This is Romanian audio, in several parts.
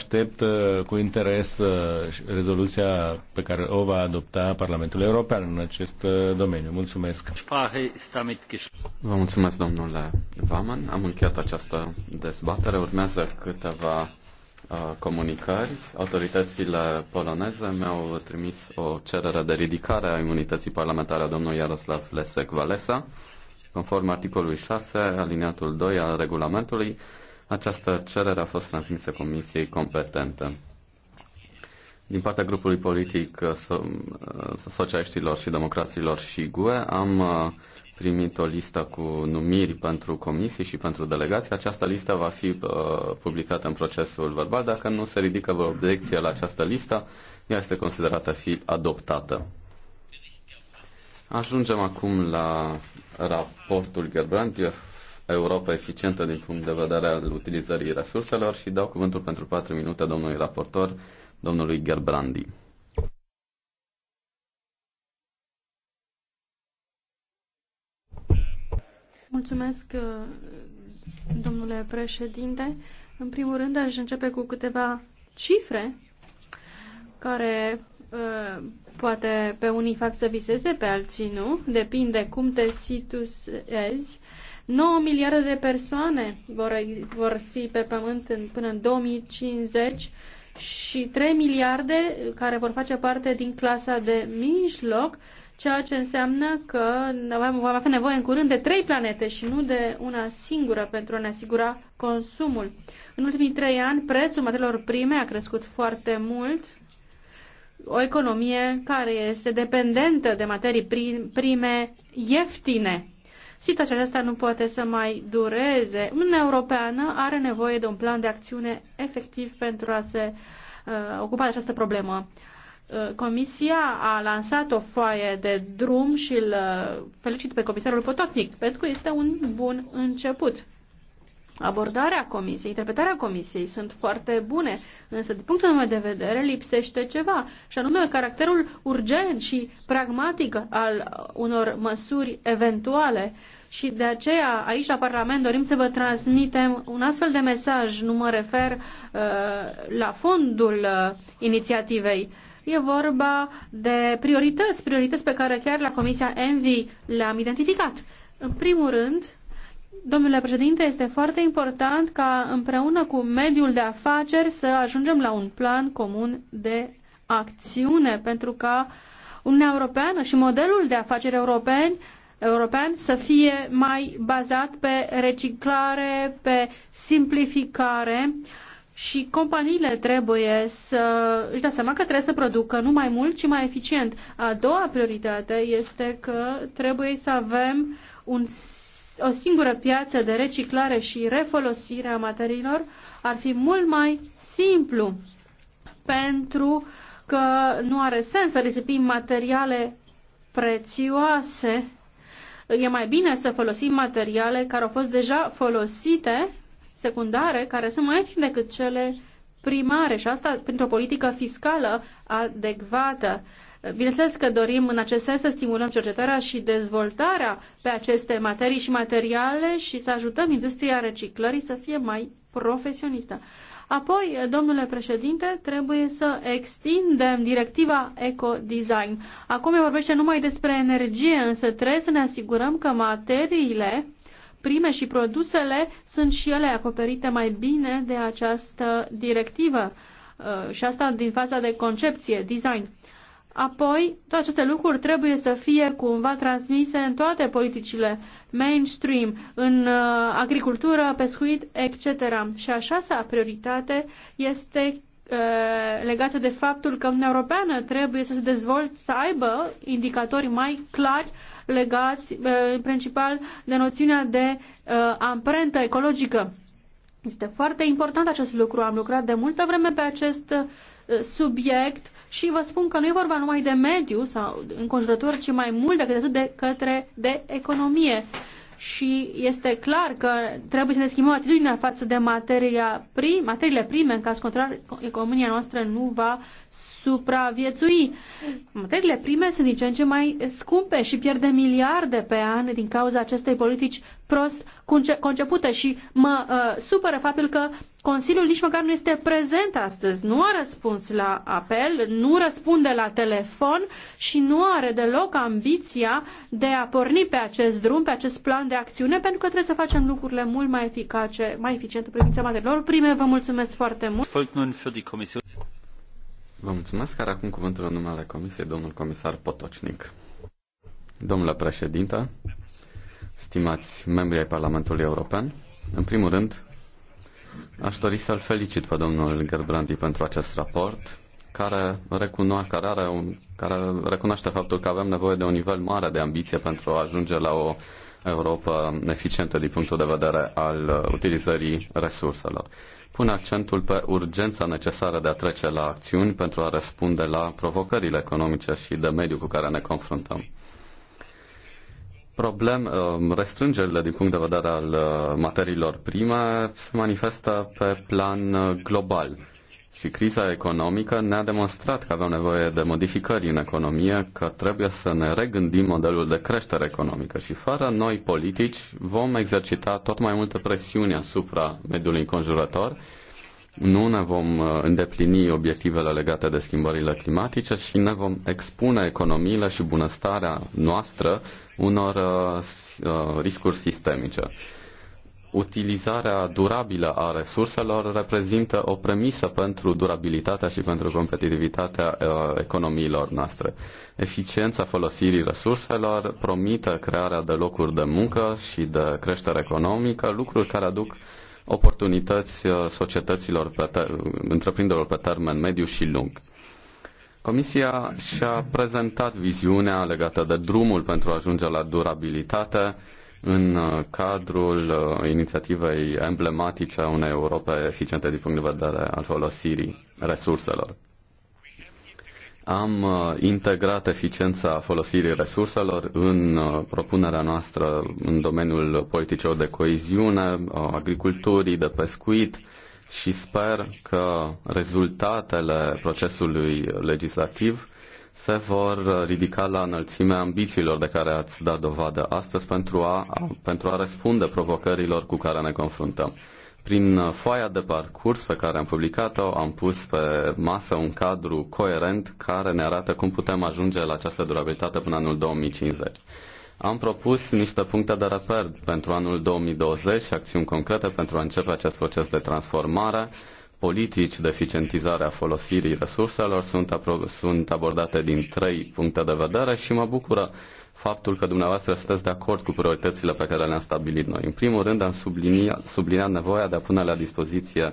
aștept uh, cu interes uh, rezoluția pe care o va adopta Parlamentul European în acest uh, domeniu. Mulțumesc! Vă mulțumesc, domnule Vaman. Am încheiat această dezbatere. Urmează câteva comunicări. Autoritățile poloneze mi-au trimis o cerere de ridicare a imunității parlamentare a domnului Iaroslav Lesek Valesa, conform articolului 6, alineatul 2 al regulamentului. Această cerere a fost transmisă Comisiei competente. Din partea grupului politic uh, uh, socialiștilor și democraților și GUE am uh, primit o listă cu numiri pentru comisii și pentru delegații. Această listă va fi publicată în procesul verbal. Dacă nu se ridică vreo obiecție la această listă, ea este considerată a fi adoptată. Ajungem acum la raportul Gerbrand. Europa eficientă din punct de vedere al utilizării resurselor și dau cuvântul pentru 4 minute domnului raportor, domnului Gerbrandi. Mulțumesc, domnule președinte. În primul rând, aș începe cu câteva cifre care uh, poate pe unii fac să viseze, pe alții nu. Depinde cum te situezi 9 miliarde de persoane vor, vor fi pe pământ în, până în 2050 și 3 miliarde care vor face parte din clasa de mijloc, ceea ce înseamnă că vom avea nevoie în curând de trei planete și nu de una singură pentru a ne asigura consumul. În ultimii trei ani, prețul materiilor prime a crescut foarte mult, o economie care este dependentă de materii prime ieftine Situația aceasta nu poate să mai dureze. Uniunea Europeană are nevoie de un plan de acțiune efectiv pentru a se uh, ocupa de această problemă. Uh, Comisia a lansat o foaie de drum și îl uh, felicit pe comisarul Potocnic, pentru că este un bun început. Abordarea comisiei, interpretarea comisiei sunt foarte bune, însă din punctul meu de vedere lipsește ceva, și anume caracterul urgent și pragmatic al uh, unor măsuri eventuale. Uh, și de aceea, aici la Parlament, dorim să vă transmitem un astfel de mesaj. Nu mă refer uh, la fondul uh, inițiativei. E vorba de priorități, priorități pe care chiar la Comisia Envi le-am identificat. În primul rând, Domnule președinte, este foarte important ca împreună cu mediul de afaceri să ajungem la un plan comun de acțiune pentru ca Uniunea Europeană și modelul de afaceri europeni european să fie mai bazat pe reciclare, pe simplificare și companiile trebuie să își dea seama că trebuie să producă nu mai mult, ci mai eficient. A doua prioritate este că trebuie să avem un, o singură piață de reciclare și refolosire a materiilor. Ar fi mult mai simplu pentru că nu are sens să risipim materiale prețioase e mai bine să folosim materiale care au fost deja folosite, secundare, care sunt mai ieftine decât cele primare și asta pentru o politică fiscală adecvată. Bineînțeles că dorim în acest sens să stimulăm cercetarea și dezvoltarea pe aceste materii și materiale și să ajutăm industria reciclării să fie mai profesionistă. Apoi, domnule președinte, trebuie să extindem directiva eco-design. Acum eu vorbește numai despre energie, însă trebuie să ne asigurăm că materiile prime și produsele sunt și ele acoperite mai bine de această directivă uh, și asta din faza de concepție, design. Apoi, toate aceste lucruri trebuie să fie cumva transmise în toate politicile mainstream, în uh, agricultură, pescuit, etc. Și a șasea prioritate este uh, legată de faptul că Uniunea Europeană trebuie să se dezvolte, să aibă indicatori mai clari legați uh, în principal de noțiunea de amprentă ecologică. Este foarte important acest lucru. Am lucrat de multă vreme pe acest subiect și vă spun că nu e vorba numai de mediu sau înconjurător, ci mai mult decât atât de către de economie. Și este clar că trebuie să ne schimbăm atitudinea față de materia prim, materiile prime, în caz contrar, economia noastră nu va supraviețui. Materiile prime sunt din ce în ce mai scumpe și pierde miliarde pe an din cauza acestei politici prost concepute și mă uh, supără faptul că Consiliul nici măcar nu este prezent astăzi, nu a răspuns la apel, nu răspunde la telefon și nu are deloc ambiția de a porni pe acest drum, pe acest plan de acțiune, pentru că trebuie să facem lucrurile mult mai eficace, mai eficient în privința materiilor prime. Vă mulțumesc foarte mult! Vă mulțumesc, care acum cuvântul în numele Comisiei, domnul comisar Potocnic. Domnule președinte, stimați membri ai Parlamentului European, în primul rând, aș dori să-l felicit pe domnul Gerbrandi pentru acest raport, care, recunoa, care, are un, care recunoaște faptul că avem nevoie de un nivel mare de ambiție pentru a ajunge la o Europa eficientă din punctul de vedere al utilizării resurselor pun accentul pe urgența necesară de a trece la acțiuni pentru a răspunde la provocările economice și de mediu cu care ne confruntăm. Problem, uh, restrângerile din punct de vedere al uh, materiilor prime se manifestă pe plan uh, global și criza economică ne-a demonstrat că avem nevoie de modificări în economie, că trebuie să ne regândim modelul de creștere economică și fără noi politici vom exercita tot mai multă presiune asupra mediului înconjurător, nu ne vom uh, îndeplini obiectivele legate de schimbările climatice și ne vom expune economiile și bunăstarea noastră unor uh, uh, riscuri sistemice utilizarea durabilă a resurselor reprezintă o premisă pentru durabilitatea și pentru competitivitatea uh, economiilor noastre. Eficiența folosirii resurselor promite crearea de locuri de muncă și de creștere economică, lucruri care aduc oportunități uh, societăților pe ter- întreprinderilor pe termen mediu și lung. Comisia și-a prezentat viziunea legată de drumul pentru a ajunge la durabilitate, în uh, cadrul uh, inițiativei emblematice a unei Europe eficiente din punct de vedere al folosirii resurselor. Am uh, integrat eficiența folosirii resurselor în propunerea noastră în domeniul politicilor de coeziune, agriculturii, de pescuit și sper că rezultatele procesului legislativ se vor ridica la înălțimea ambițiilor de care ați dat dovadă astăzi pentru a, pentru a răspunde provocărilor cu care ne confruntăm. Prin foaia de parcurs pe care am publicat-o, am pus pe masă un cadru coerent care ne arată cum putem ajunge la această durabilitate până anul 2050. Am propus niște puncte de reper pentru anul 2020 și acțiuni concrete pentru a începe acest proces de transformare politici de eficientizare a folosirii resurselor sunt, sunt abordate din trei puncte de vedere și mă bucură faptul că dumneavoastră sunteți de acord cu prioritățile pe care le-am stabilit noi. În primul rând, am sublinia, subliniat nevoia de a pune la dispoziție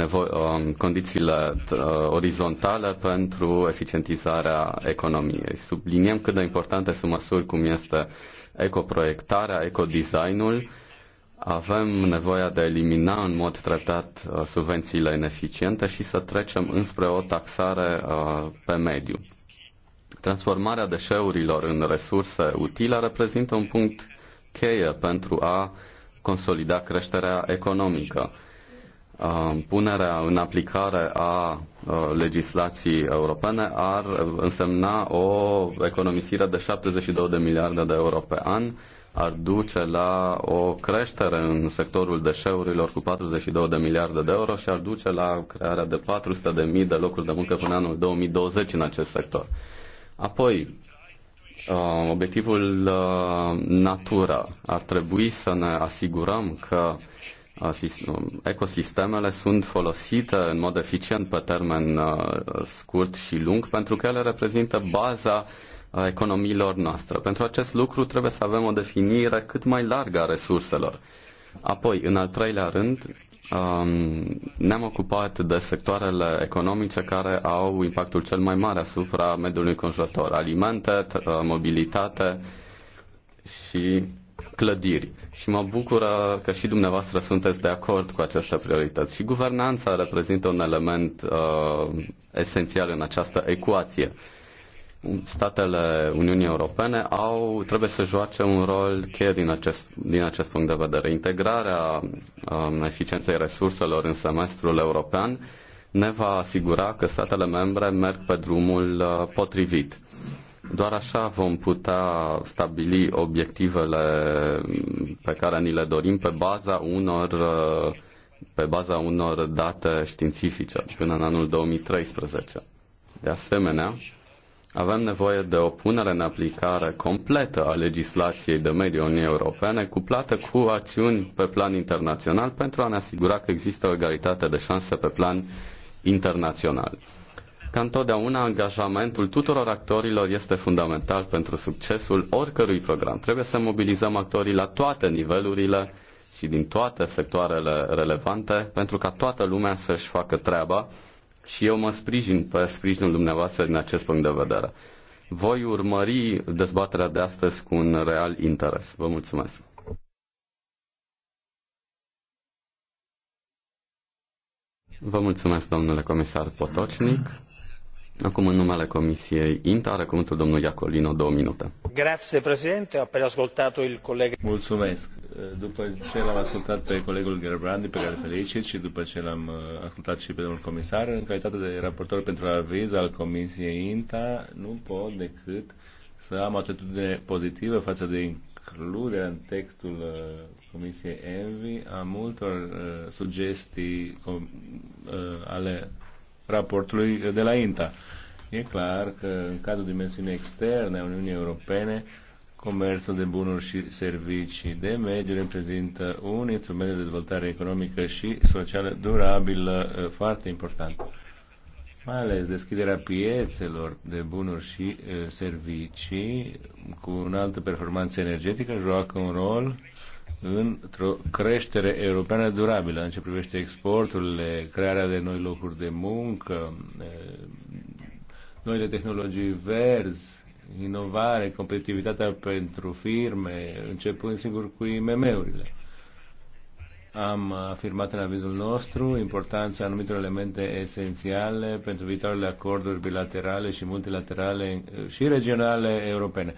nevo- um, condițiile uh, orizontale pentru eficientizarea economiei. Subliniem cât de importante sunt măsuri cum este ecoproiectarea, ecodesignul, avem nevoia de a elimina în mod treptat uh, subvențiile ineficiente și să trecem înspre o taxare uh, pe mediu. Transformarea deșeurilor în resurse utile reprezintă un punct cheie pentru a consolida creșterea economică. Uh, punerea în aplicare a legislației europene ar însemna o economisire de 72 de miliarde de euro pe an, ar duce la o creștere în sectorul deșeurilor cu 42 de miliarde de euro și ar duce la crearea de 400 de mii de locuri de muncă până anul 2020 în acest sector. Apoi, uh, obiectivul uh, natura. Ar trebui să ne asigurăm că Um, ecosistemele sunt folosite în mod eficient pe termen uh, scurt și lung pentru că ele reprezintă baza uh, economiilor noastre. Pentru acest lucru trebuie să avem o definire cât mai largă a resurselor. Apoi, în al treilea rând, um, ne-am ocupat de sectoarele economice care au impactul cel mai mare asupra mediului înconjurător, alimente, uh, mobilitate și clădiri și mă bucur că și dumneavoastră sunteți de acord cu aceste priorități. Și guvernanța reprezintă un element uh, esențial în această ecuație. Statele Uniunii Europene au, trebuie să joace un rol cheie din acest, din acest punct de vedere. Integrarea um, eficienței resurselor în semestrul european ne va asigura că statele membre merg pe drumul uh, potrivit. Doar așa vom putea stabili obiectivele pe care ni le dorim pe baza unor, pe baza unor date științifice până în anul 2013. De asemenea, avem nevoie de o punere în aplicare completă a legislației de mediu Uniunii Europene, cuplată cu acțiuni pe plan internațional pentru a ne asigura că există o egalitate de șanse pe plan internațional. Ca întotdeauna, angajamentul tuturor actorilor este fundamental pentru succesul oricărui program. Trebuie să mobilizăm actorii la toate nivelurile și din toate sectoarele relevante pentru ca toată lumea să-și facă treaba și eu mă sprijin pe sprijinul dumneavoastră din acest punct de vedere. Voi urmări dezbaterea de astăzi cu un real interes. Vă mulțumesc! Vă mulțumesc, domnule comisar Potocnic. Acum, în numele Comisiei INTA, are cuvântul domnul Iacolino, două minute. Grazie, președinte. Apoi ascultat il coleg. Mulțumesc. După ce l-am ascultat pe colegul Gerbrandi, pe care felicit, și după ce l-am uh, ascultat și pe domnul comisar, în calitate de raportor pentru aviz al Comisiei INTA, nu pot decât să am o atitudine pozitivă față de includerea în textul uh, Comisiei ENVI a multor uh, sugestii ale raportului de la INTA. E clar că în cadrul dimensiunii externe a Uniunii Europene, comerțul de bunuri și servicii de mediu reprezintă un instrument de dezvoltare economică și socială durabilă uh, foarte important. Mai ales deschiderea piețelor de bunuri și uh, servicii cu o altă performanță energetică joacă un rol uh, într-o creștere europeană durabilă în ce privește exporturile, crearea de noi locuri de muncă, noile tehnologii verzi, inovare, competitivitatea pentru firme, începând sigur cu IMM-urile. Am afirmat în avizul nostru importanța anumitor elemente esențiale pentru viitoarele acorduri bilaterale și multilaterale și regionale europene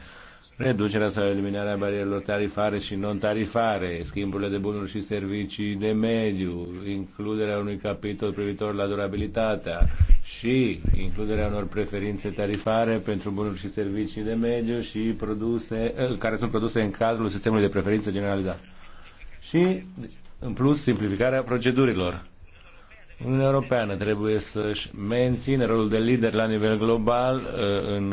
reducerea sau eliminarea barierelor tarifare și non-tarifare, schimburile de bunuri și servicii de mediu, includerea unui capitol privitor la durabilitatea și includerea unor preferințe tarifare pentru bunuri și servicii de mediu și produse, eh, care sunt produse în cadrul sistemului de preferințe generalizat. Și, în plus, simplificarea procedurilor Uniunea Europeană trebuie să-și mențină rolul de lider la nivel global uh, uh,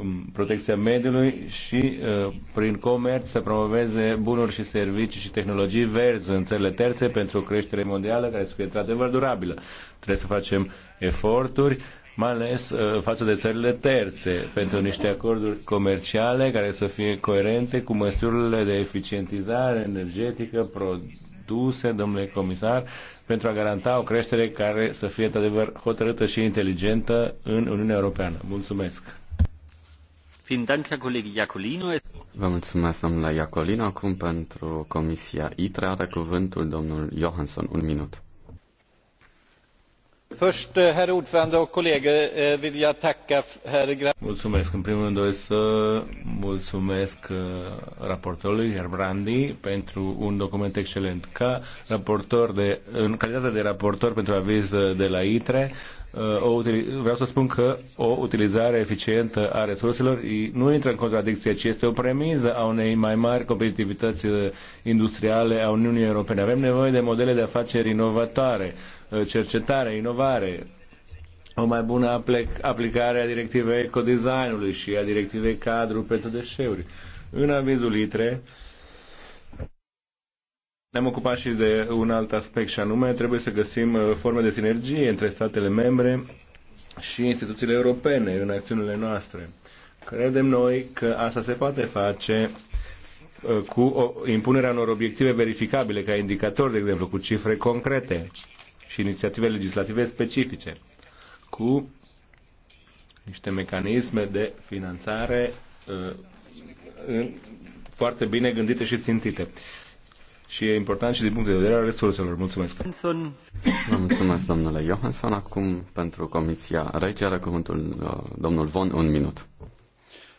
în protecția mediului și uh, prin comerț să promoveze bunuri și servicii și tehnologii verzi în țările terțe pentru o creștere mondială care să fie într-adevăr durabilă. Trebuie să facem eforturi mai ales față de țările terțe, pentru niște acorduri comerciale care să fie coerente cu măsurile de eficientizare energetică produse, domnule comisar, pentru a garanta o creștere care să fie într-adevăr hotărâtă și inteligentă în Uniunea Europeană. Mulțumesc! Vă mulțumesc, domnule Iacolino. Acum pentru Comisia ITRE are cuvântul domnul Johansson. Un minut. Mulțumesc. În primul rând doresc să mulțumesc eh, raportorului Brandi, pentru un document excelent. Ca raportor de, în calitate de raportor pentru aviz eh, de la ITRE, Uh, o, vreau să spun că o utilizare eficientă a resurselor nu intră în contradicție, ci este o premiză a unei mai mari competitivități uh, industriale a Uniunii Europene. Avem nevoie de modele de afaceri inovatoare, uh, cercetare, inovare, o mai bună aplicare a directivei ecodesignului și a directivei cadru pentru deșeuri. În avizul ITRE, ne-am ocupat și de un alt aspect și anume trebuie să găsim uh, forme de sinergie între statele membre și instituțiile europene în acțiunile noastre. Credem noi că asta se poate face uh, cu o, impunerea unor obiective verificabile ca indicatori, de exemplu, cu cifre concrete și inițiative legislative specifice, cu niște mecanisme de finanțare uh, foarte bine gândite și țintite și e important și din punct de vedere al resurselor. Mulțumesc! Vă mulțumesc, domnule Johansson. Acum, pentru Comisia Rege, are cuvântul uh, domnul Von, un minut.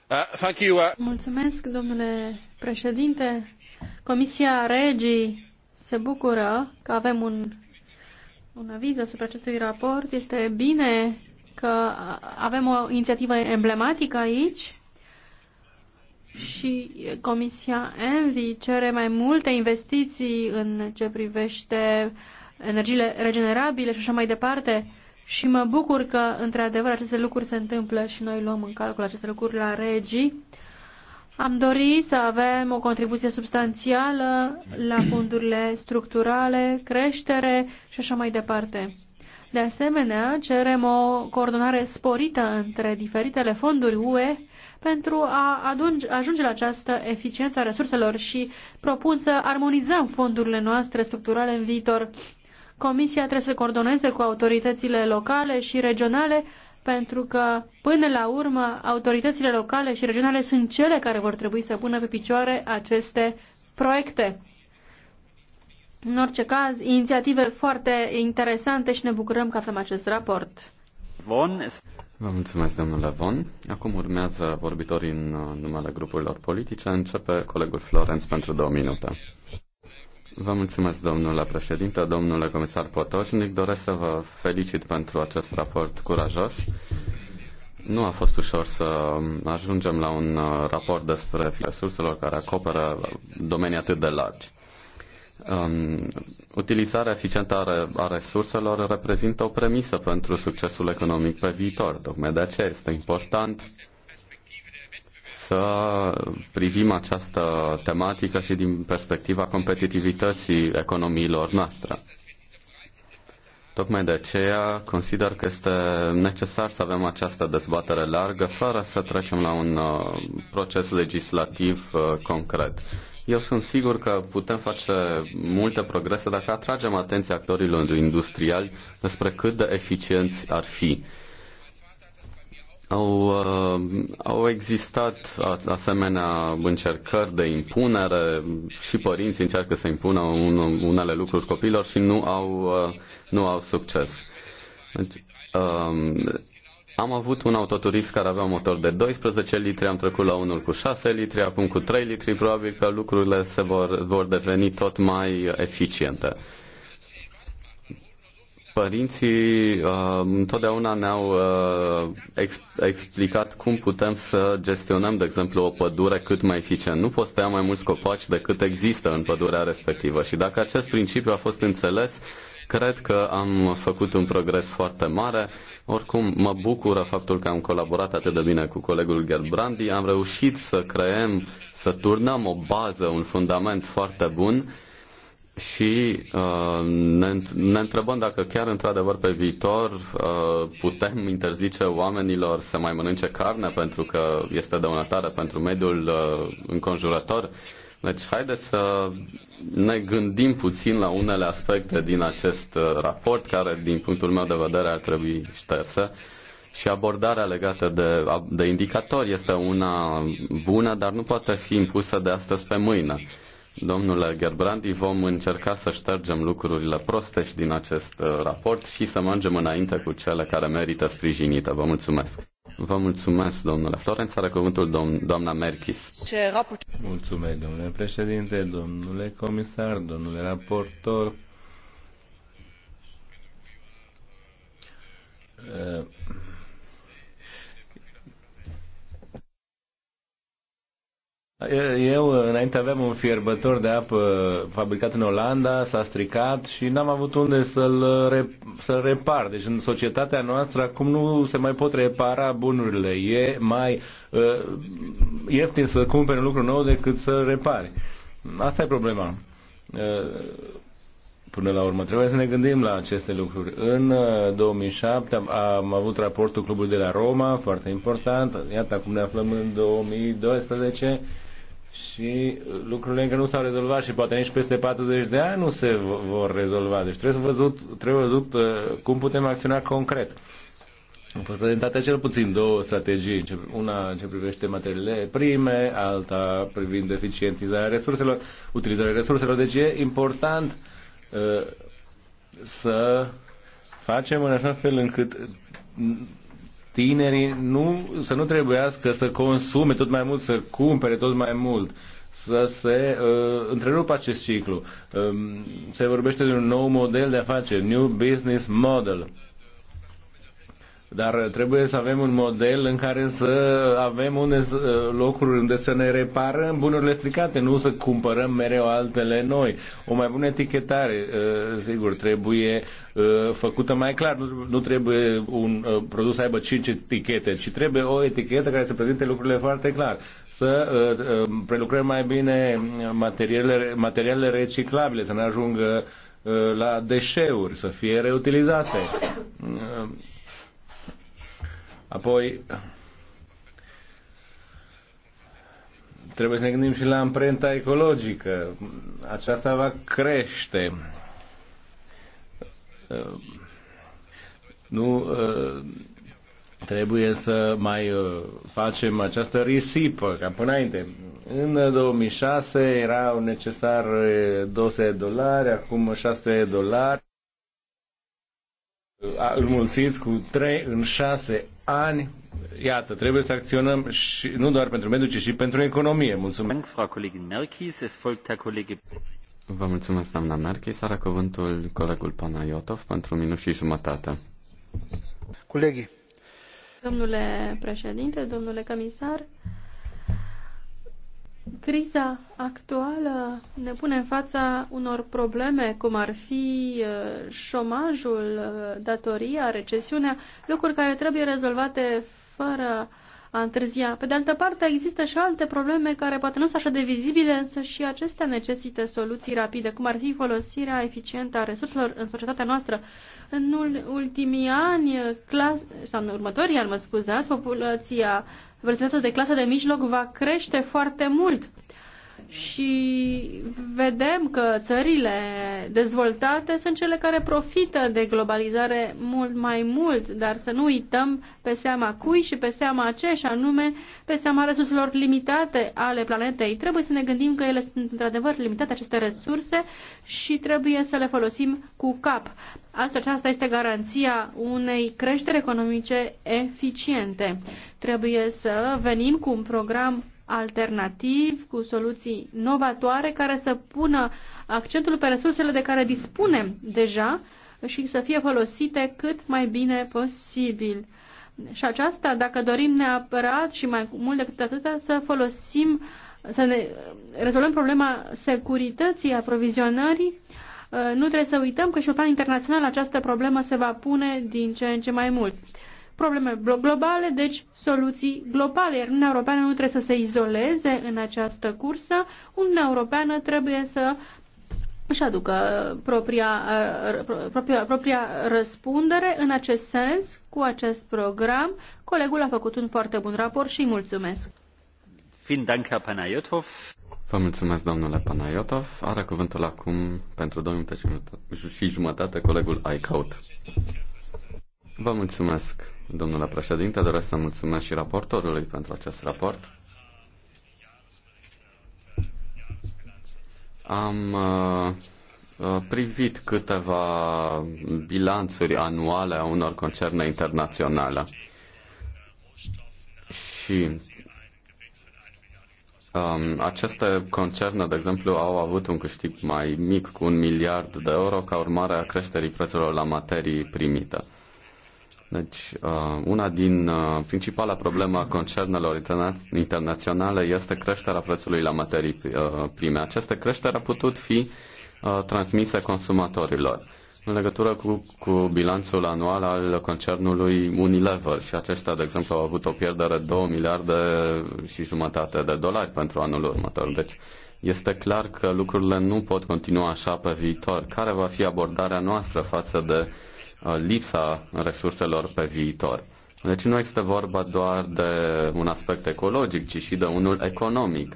Uh, uh. Mulțumesc, domnule președinte. Comisia Regii se bucură că avem un, un aviz asupra acestui raport. Este bine că avem o inițiativă emblematică aici și Comisia Envi cere mai multe investiții în ce privește energiile regenerabile și așa mai departe. Și mă bucur că, într-adevăr, aceste lucruri se întâmplă și noi luăm în calcul aceste lucruri la regii. Am dorit să avem o contribuție substanțială la fondurile structurale, creștere și așa mai departe. De asemenea, cerem o coordonare sporită între diferitele fonduri UE pentru a ajunge la această eficiență a resurselor și propun să armonizăm fondurile noastre structurale în viitor. Comisia trebuie să coordoneze cu autoritățile locale și regionale pentru că, până la urmă, autoritățile locale și regionale sunt cele care vor trebui să pună pe picioare aceste proiecte. În orice caz, inițiative foarte interesante și ne bucurăm că avem acest raport. Bun. Vă mulțumesc, domnule Von. Acum urmează vorbitorii în uh, numele grupurilor politice. Începe colegul Florenț pentru două minute. Vă mulțumesc, domnule președinte, domnule comisar Potoșnic. Doresc să vă felicit pentru acest raport curajos. Nu a fost ușor să ajungem la un uh, raport despre resurselor care acoperă domenii atât de largi um, utilizarea eficientă a, a resurselor reprezintă o premisă pentru succesul economic pe viitor. Tocmai de aceea este important să privim această tematică și din perspectiva competitivității economiilor noastre. Tocmai de aceea consider că este necesar să avem această dezbatere largă fără să trecem la un uh, proces legislativ uh, concret. Eu sunt sigur că putem face multe progrese dacă atragem atenția actorilor industriali despre cât de eficienți ar fi. Au, uh, au existat asemenea încercări de impunere și părinții încearcă să impună un, unele lucruri copilor și nu au, uh, nu au succes. Deci, uh, am avut un autoturist care avea un motor de 12 litri, am trecut la unul cu 6 litri, acum cu 3 litri, probabil că lucrurile se vor, vor deveni tot mai eficiente. Părinții uh, întotdeauna ne-au uh, ex- explicat cum putem să gestionăm, de exemplu, o pădure cât mai eficient. Nu poți tăia mai mulți copaci decât există în pădurea respectivă și dacă acest principiu a fost înțeles, Cred că am făcut un progres foarte mare. Oricum, mă bucură faptul că am colaborat atât de bine cu colegul Gerbrandi. Am reușit să creăm, să turnăm o bază, un fundament foarte bun și uh, ne, ne întrebăm dacă chiar într-adevăr pe viitor uh, putem interzice oamenilor să mai mănânce carne pentru că este dăunătoare pentru mediul uh, înconjurător. Uh, deci, haideți să ne gândim puțin la unele aspecte din acest uh, raport, care, din punctul meu de vedere, ar trebui șterse. Și abordarea legată de, de indicatori este una bună, dar nu poate fi impusă de astăzi pe mâine. Domnule Gerbrandi, vom încerca să ștergem lucrurile proste și din acest uh, raport și să mergem înainte cu cele care merită sprijinite. Vă mulțumesc! Vă mulțumesc, domnule Florenț. Are cuvântul dom- doamna Merchis. Mulțumesc, domnule președinte, domnule comisar, domnule raportor. Uh, Eu, înainte aveam un fierbător de apă fabricat în Olanda, s-a stricat și n-am avut unde să-l, re- să repar. Deci în societatea noastră acum nu se mai pot repara bunurile. E mai uh, ieftin să cumperi un lucru nou decât să repari. Asta e problema. Uh, până la urmă. Trebuie să ne gândim la aceste lucruri. În 2007 am, am avut raportul Clubului de la Roma, foarte important. Iată, acum ne aflăm în 2012 și lucrurile încă nu s-au rezolvat și poate nici peste 40 de ani nu se vor rezolva. Deci trebuie să văzut, trebuie văzut uh, cum putem acționa concret. Au fost prezentate cel puțin două strategii, una ce privește materiile prime, alta privind eficientizarea resurselor, utilizarea resurselor. Deci e important uh, să facem în așa fel încât tinerii nu, să nu trebuiască să consume tot mai mult, să cumpere tot mai mult, să se uh, întrerupă acest ciclu. Uh, se vorbește de un nou model de afaceri, New Business Model. Uh, dar trebuie să avem un model în care să avem unde, locuri unde să ne reparăm bunurile stricate, nu să cumpărăm mereu altele noi. O mai bună etichetare, uh, sigur, trebuie uh, făcută mai clar. Nu trebuie un uh, produs să aibă 5 etichete, ci trebuie o etichetă care să prezinte lucrurile foarte clar. Să prelucrăm mai bine materialele, materialele reciclabile, să ne ajungă la deșeuri, să fie reutilizate Apoi, trebuie să ne gândim și la amprenta ecologică. Aceasta va crește. Nu trebuie să mai uh, facem această risipă, ca până înainte. În 2006 erau necesar 200 de dolari, acum 600 de dolari. Înmulțiți cu 3 în 6 ani, iată, trebuie să acționăm și, nu doar pentru mediu, ci și pentru economie. Mulțumesc. Vă mulțumesc, doamna Merkis. Are cuvântul colegul Panayotov pentru minut și jumătate. Colegii. Domnule președinte, domnule comisar, Criza actuală ne pune în fața unor probleme, cum ar fi uh, șomajul, uh, datoria, recesiunea, lucruri care trebuie rezolvate fără a întârzia. Pe de altă parte, există și alte probleme care poate nu sunt așa de vizibile, însă și acestea necesită soluții rapide, cum ar fi folosirea eficientă a resurselor în societatea noastră. În ultimii ani, clas, sau în următorii ani, mă scuzați, populația reprezentată de clasa de mijloc va crește foarte mult. Și vedem că țările dezvoltate sunt cele care profită de globalizare mult mai mult, dar să nu uităm pe seama cui și pe seama și anume pe seama resurselor limitate ale planetei. Trebuie să ne gândim că ele sunt într-adevăr limitate aceste resurse și trebuie să le folosim cu cap. Asta aceasta este garanția unei creșteri economice eficiente. Trebuie să venim cu un program alternativ, cu soluții novatoare care să pună accentul pe resursele de care dispunem deja și să fie folosite cât mai bine posibil. Și aceasta, dacă dorim neapărat și mai mult decât atâta, să folosim, să ne rezolvăm problema securității aprovizionării Uh, nu trebuie să uităm că și pe plan internațional această problemă se va pune din ce în ce mai mult. Probleme globale, deci soluții globale, iar Uniunea Europeană nu trebuie să se izoleze în această cursă. Uniunea Europeană trebuie să își aducă uh, propria, uh, propria, propria răspundere în acest sens cu acest program. Colegul a făcut un foarte bun raport și îi mulțumesc. Vielen Dank, Herr Panayotov. Vă mulțumesc, domnule Panayotov. Are cuvântul acum pentru 2 minute și jumătate colegul Aicaut. Vă mulțumesc, domnule președinte. Doresc să mulțumesc și raportorului pentru acest raport. Am uh, uh privit câteva bilanțuri anuale a unor concerne internaționale. Și Um, aceste concerne, de exemplu, au avut un câștig mai mic cu un miliard de euro ca urmare a creșterii prețurilor la materii primite. Deci, uh, una din uh, principala problema concernelor interna- internaționale este creșterea prețului la materii uh, prime. Această creștere a putut fi transmise consumatorilor în legătură cu, cu bilanțul anual al concernului Unilever și aceștia, de exemplu, au avut o pierdere de 2 miliarde și jumătate de dolari pentru anul următor. Deci este clar că lucrurile nu pot continua așa pe viitor. Care va fi abordarea noastră față de uh, lipsa resurselor pe viitor? Deci nu este vorba doar de un aspect ecologic, ci și de unul economic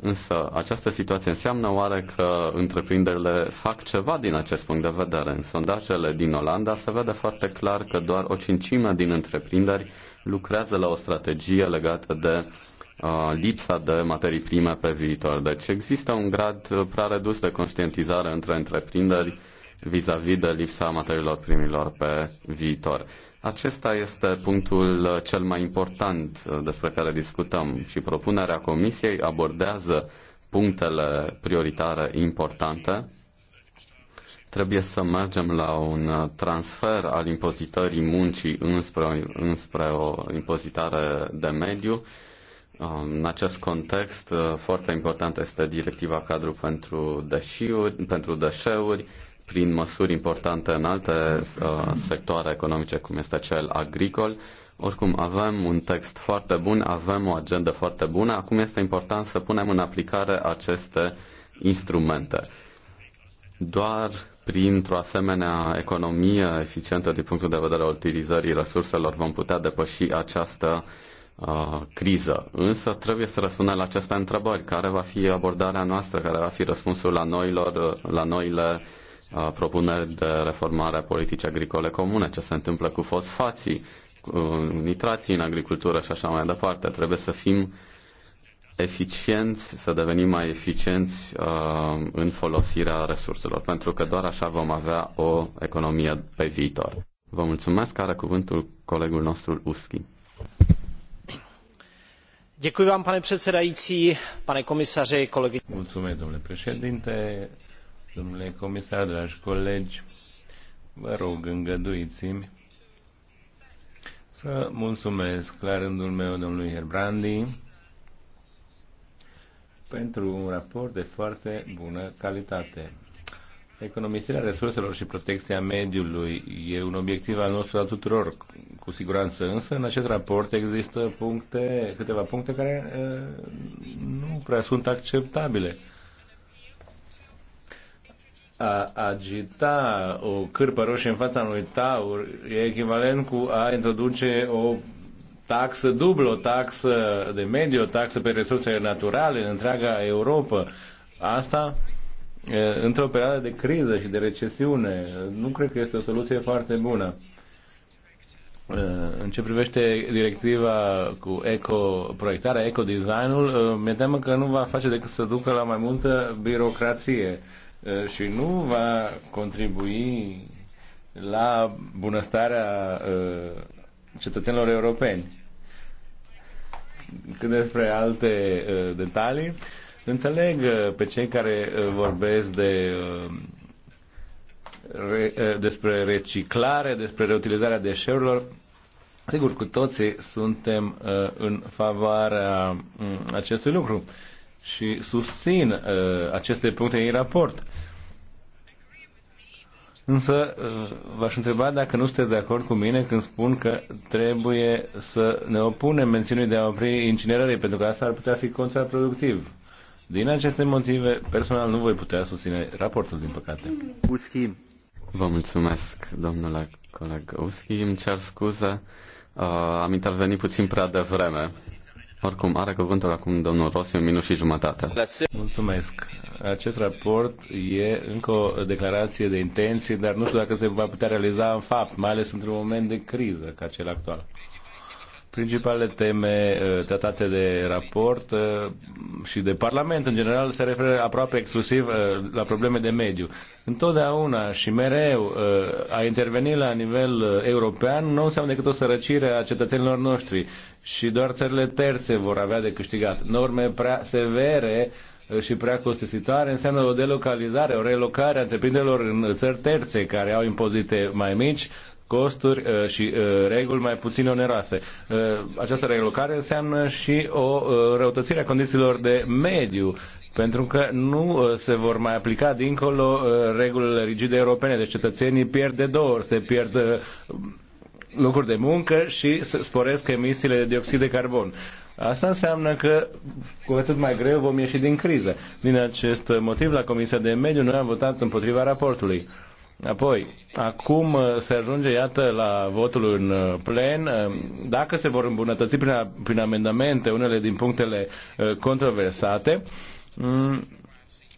Însă această situație înseamnă oare că întreprinderile fac ceva din acest punct de vedere? În sondajele din Olanda se vede foarte clar că doar o cincime din întreprinderi lucrează la o strategie legată de uh, lipsa de materii prime pe viitor. Deci există un grad uh, prea redus de conștientizare între întreprinderi vis-a-vis -vis de lipsa materiilor primilor pe viitor. Acesta este punctul uh, cel mai important uh, despre care discutăm și propunerea Comisiei abordează punctele prioritare importante. Trebuie să mergem la un uh, transfer al impozitării muncii înspre, înspre o impozitare de mediu. Um, în acest context, foarte importantă este directiva cadru pentru, deșiuri, pentru deșeuri, prin măsuri importante în alte uh, sectoare economice, cum este cel agricol. Oricum, avem un text foarte bun, avem o agendă foarte bună. Acum este important să punem în aplicare aceste instrumente. Doar printr-o asemenea economie eficientă din punctul de vedere al utilizării resurselor vom putea depăși această uh, criză. Însă trebuie să răspundem la aceste întrebări. Care va fi abordarea noastră? Care va fi răspunsul la, noilor, la noile uh, propuneri de reformare a politicii agricole comune, ce se întâmplă cu fosfații, cu uh, nitrații în agricultură și așa mai departe. Trebuie să fim eficienți, să devenim mai eficienți uh, în folosirea resurselor, pentru că doar așa vom avea o economie pe viitor. Vă mulțumesc, are cuvântul colegul nostru Uschi. Děkuji vám, pane předsedající, pane komisaři, kolegy. Mulțumesc, domnule președinte, domnule comisar, dragi colegi, vă rog, îngăduiți-mi să mulțumesc la rândul meu domnului Herbrandi pentru un raport de foarte bună calitate. Economisirea resurselor și protecția mediului e un obiectiv al nostru al tuturor, cu siguranță, însă în acest raport există puncte, câteva puncte care uh, nu prea sunt acceptabile a agita o cârpă roșie în fața unui taur e echivalent cu a introduce o taxă dublă, o taxă de mediu, o taxă pe resursele naturale în întreaga Europa. Asta într-o perioadă de criză și de recesiune. Nu cred că este o soluție foarte bună. În ce privește directiva cu eco-proiectarea, eco-designul, mi-e teamă că nu va face decât să ducă la mai multă birocrație și nu va contribui la bunăstarea cetățenilor europeni. Cât despre alte detalii, înțeleg pe cei care vorbesc de despre reciclare, despre reutilizarea deșeurilor. Sigur, cu toții suntem în favoarea acestui lucru și susțin uh, aceste puncte în raport. Însă uh, v-aș întreba dacă nu sunteți de acord cu mine când spun că trebuie să ne opunem mențiunii de a opri incinerării, pentru că asta ar putea fi contraproductiv. Din aceste motive, personal nu voi putea susține raportul, din păcate. Uschi. Vă mulțumesc, domnule coleg Uschi. Îmi cer scuze. Uh, am intervenit puțin prea devreme. Oricum, are cuvântul acum domnul Rossi, un minut și jumătate. Mulțumesc. Acest raport e încă o declarație de intenție, dar nu știu dacă se va putea realiza în fapt, mai ales într-un moment de criză ca cel actual. Principalele teme uh, tratate de raport uh, și de Parlament, în general, se referă aproape exclusiv uh, la probleme de mediu. Întotdeauna și mereu a interveni la nivel european nu înseamnă decât o sărăcire a cetățenilor noștri și doar țările terțe vor avea de câștigat. Norme prea severe și prea costisitoare înseamnă o delocalizare, o relocare a întreprinderilor în țări terțe care au impozite mai mici, costuri uh, și uh, reguli mai puțin oneroase. Uh, această relocare înseamnă și o răutățire a condițiilor de mediu pentru că nu se vor mai aplica dincolo regulile rigide europene. Deci cetățenii pierd de două ori, se pierd locuri de muncă și sporesc emisiile de dioxid de carbon. Asta înseamnă că cu atât mai greu vom ieși din criză. Din acest motiv, la Comisia de Mediu, noi am votat împotriva raportului. Apoi, acum uh, se ajunge, iată, la votul în uh, plen. Uh, dacă se vor îmbunătăți prin, prin amendamente unele din punctele controversate, mm,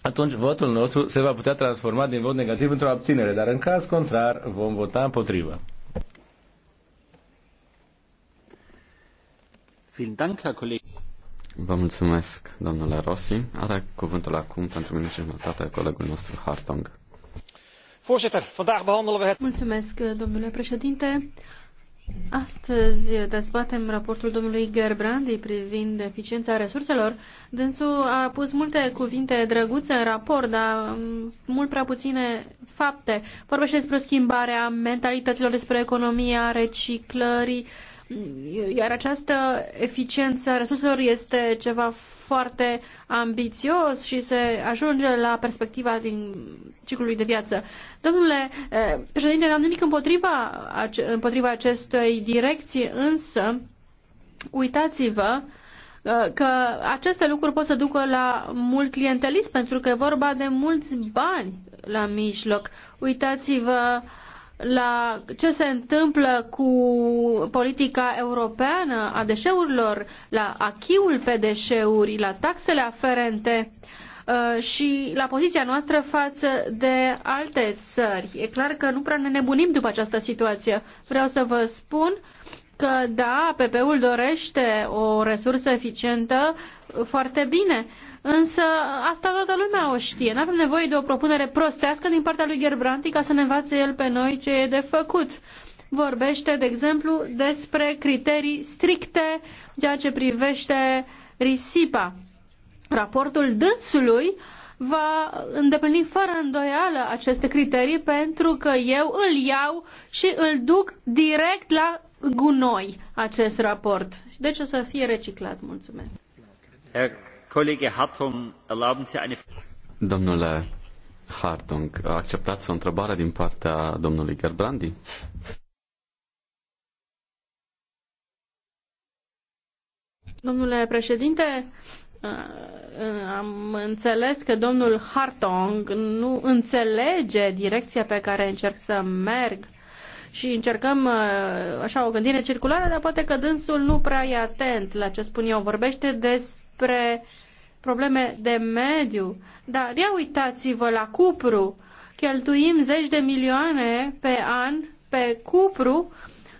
atunci votul nostru se va putea transforma din vot negativ într-o abținere, dar în caz contrar vom vota împotrivă. Vă mulțumesc, domnule Rossi. Are cuvântul acum pentru minut și jumătate colegul nostru Hartong. Voorzitter, vandaag behandelen we het... Mulțumesc, domnule președinte. Astăzi dezbatem raportul domnului Gerbrandi privind eficiența resurselor. Dânsul a pus multe cuvinte drăguțe în raport, dar mult prea puține fapte. Vorbește despre schimbarea mentalităților, despre economia reciclării, uh, iar această eficiență a resurselor este ceva foarte ambițios și se ajunge la perspectiva din ciclului de viață. Domnule eh, președinte, n-am nimic împotriva, împotriva acestei direcții, însă uitați-vă eh, că aceste lucruri pot să ducă la mult clientelism, pentru că e vorba de mulți bani la mijloc. Uitați-vă uh, la ce se întâmplă cu politica europeană a deșeurilor, la achiul pe deșeuri, la taxele aferente uh, și la poziția noastră față de alte țări. E clar că nu prea ne nebunim după această situație. Vreau să vă spun că da, PP-ul dorește o resursă eficientă foarte bine, Însă asta toată lumea o știe. Nu avem nevoie de o propunere prostească din partea lui Gerbrandi ca să ne învațe el pe noi ce e de făcut. Vorbește, de exemplu, despre criterii stricte ceea ce privește risipa. Raportul dânsului va îndeplini fără îndoială aceste criterii pentru că eu îl iau și îl duc direct la gunoi acest raport. Deci o să fie reciclat. Mulțumesc. Domnule Hartung, acceptați o întrebare din partea domnului Gerbrandi? Domnule președinte, uh, uh, am înțeles că domnul Hartong nu înțelege direcția pe care încerc să merg și încercăm uh, așa o gândire circulară, dar poate că dânsul nu prea e atent la ce spun eu. Vorbește despre uh, probleme de mediu, dar ia uitați-vă la cupru. Cheltuim zeci de milioane pe an pe cupru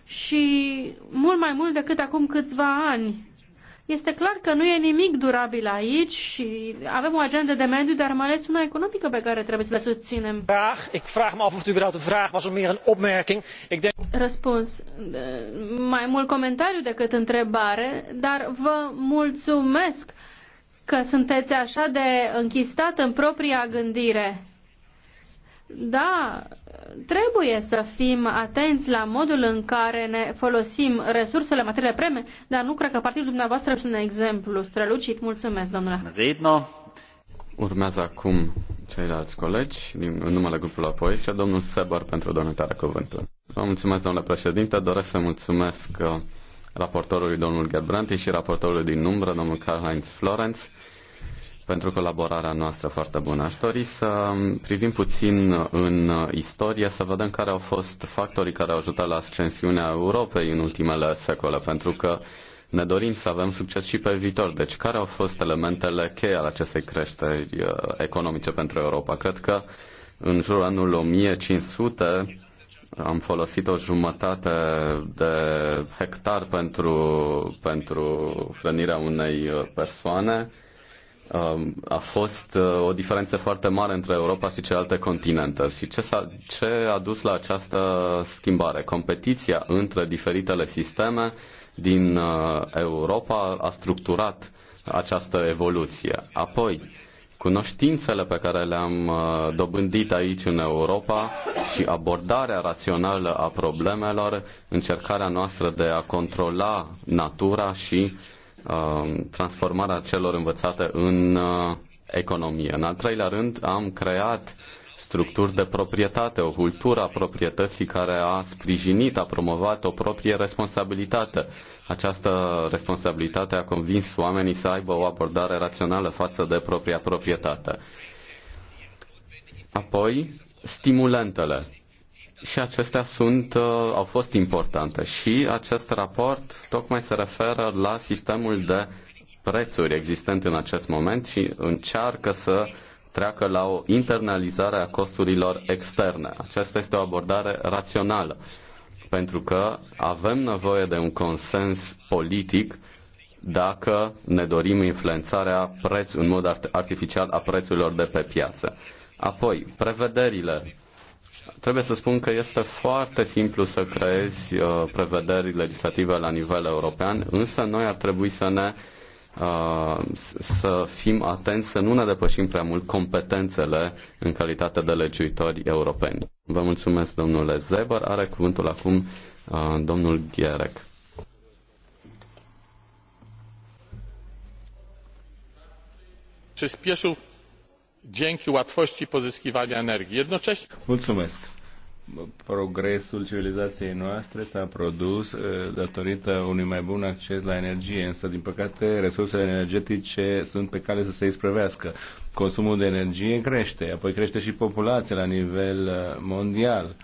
și mult mai mult decât acum câțiva ani. Este clar că nu e nimic durabil aici și avem o agendă de mediu, dar mai ales una economică pe care trebuie să le susținem. Răspuns. Mai mult comentariu decât întrebare, dar vă mulțumesc că sunteți așa de închistat în propria gândire. Da, trebuie să fim atenți la modul în care ne folosim resursele, materiile prime, dar nu cred că partidul dumneavoastră este un exemplu strălucit. Mulțumesc, domnule. Redno. Urmează acum ceilalți colegi, din, în numele grupului apoi, și domnul Sebar pentru donatarea cuvântului. Vă mulțumesc, domnule președinte, doresc să mulțumesc uh, raportorului domnul Gebranti și raportorului din umbră, domnul Karl-Heinz Florenz, pentru colaborarea noastră foarte bună. Aș dori să privim puțin în istorie, să vedem care au fost factorii care au ajutat la ascensiunea Europei în ultimele secole, pentru că ne dorim să avem succes și pe viitor. Deci, care au fost elementele cheie ale acestei creșteri uh, economice pentru Europa? Cred că în jurul anului 1500 am folosit o jumătate de hectar pentru, pentru hrănirea unei persoane. Um, a fost uh, o diferență foarte mare între Europa și celelalte continente. Și ce, a ce a dus la această schimbare? Competiția între diferitele sisteme din uh, Europa a structurat această evoluție. Apoi, Cunoștințele pe care le-am uh, dobândit aici în Europa și abordarea rațională a problemelor, încercarea noastră de a controla natura și uh, transformarea celor învățate în uh, economie. În al treilea rând, am creat structuri de proprietate, o cultură a proprietății care a sprijinit, a promovat o proprie responsabilitate această responsabilitate a convins oamenii să aibă o abordare rațională față de propria proprietate. Apoi, stimulentele. Și acestea sunt, uh, au fost importante și acest raport tocmai se referă la sistemul de prețuri existent în acest moment și încearcă să treacă la o internalizare a costurilor externe. Aceasta este o abordare rațională pentru că avem nevoie de un consens politic dacă ne dorim influențarea preț, în mod artificial a prețurilor de pe piață. Apoi, prevederile. Trebuie să spun că este foarte simplu să creezi uh, prevederi legislative la nivel european, însă noi ar trebui să ne Uh, să fim atenți să nu ne depășim prea mult competențele în calitate de legiuitori europeni. Vă mulțumesc, domnule Zeber. Are cuvântul acum uh, domnul Gherec. przyspieszył dzięki łatwości pozyskiwania energii. jednocześnie progresul civilizației noastre s-a produs uh, datorită unui mai bun acces la energie, însă, din păcate, resursele energetice sunt pe cale să se isprăvească. Consumul de energie crește, apoi crește și populația la nivel uh, mondial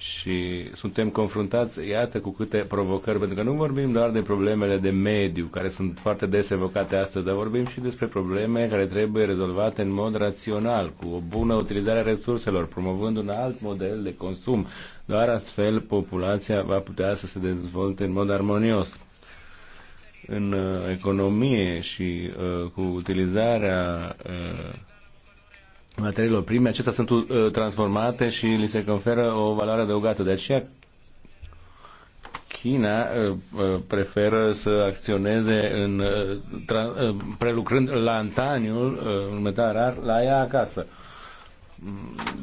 și suntem confruntați, iată, cu câte provocări, pentru că nu vorbim doar de problemele de mediu, care sunt foarte des evocate astăzi, dar vorbim și despre probleme care trebuie rezolvate în mod rațional, cu o bună utilizare a resurselor, promovând un alt model de consum. Doar astfel populația va putea să se dezvolte în mod armonios în uh, economie și uh, cu utilizarea uh, materiilor prime, acestea sunt uh, transformate și li se conferă o valoare adăugată. De aceea China uh, uh, preferă să acționeze în, prelucrând lantaniul, un metal rar, la ea acasă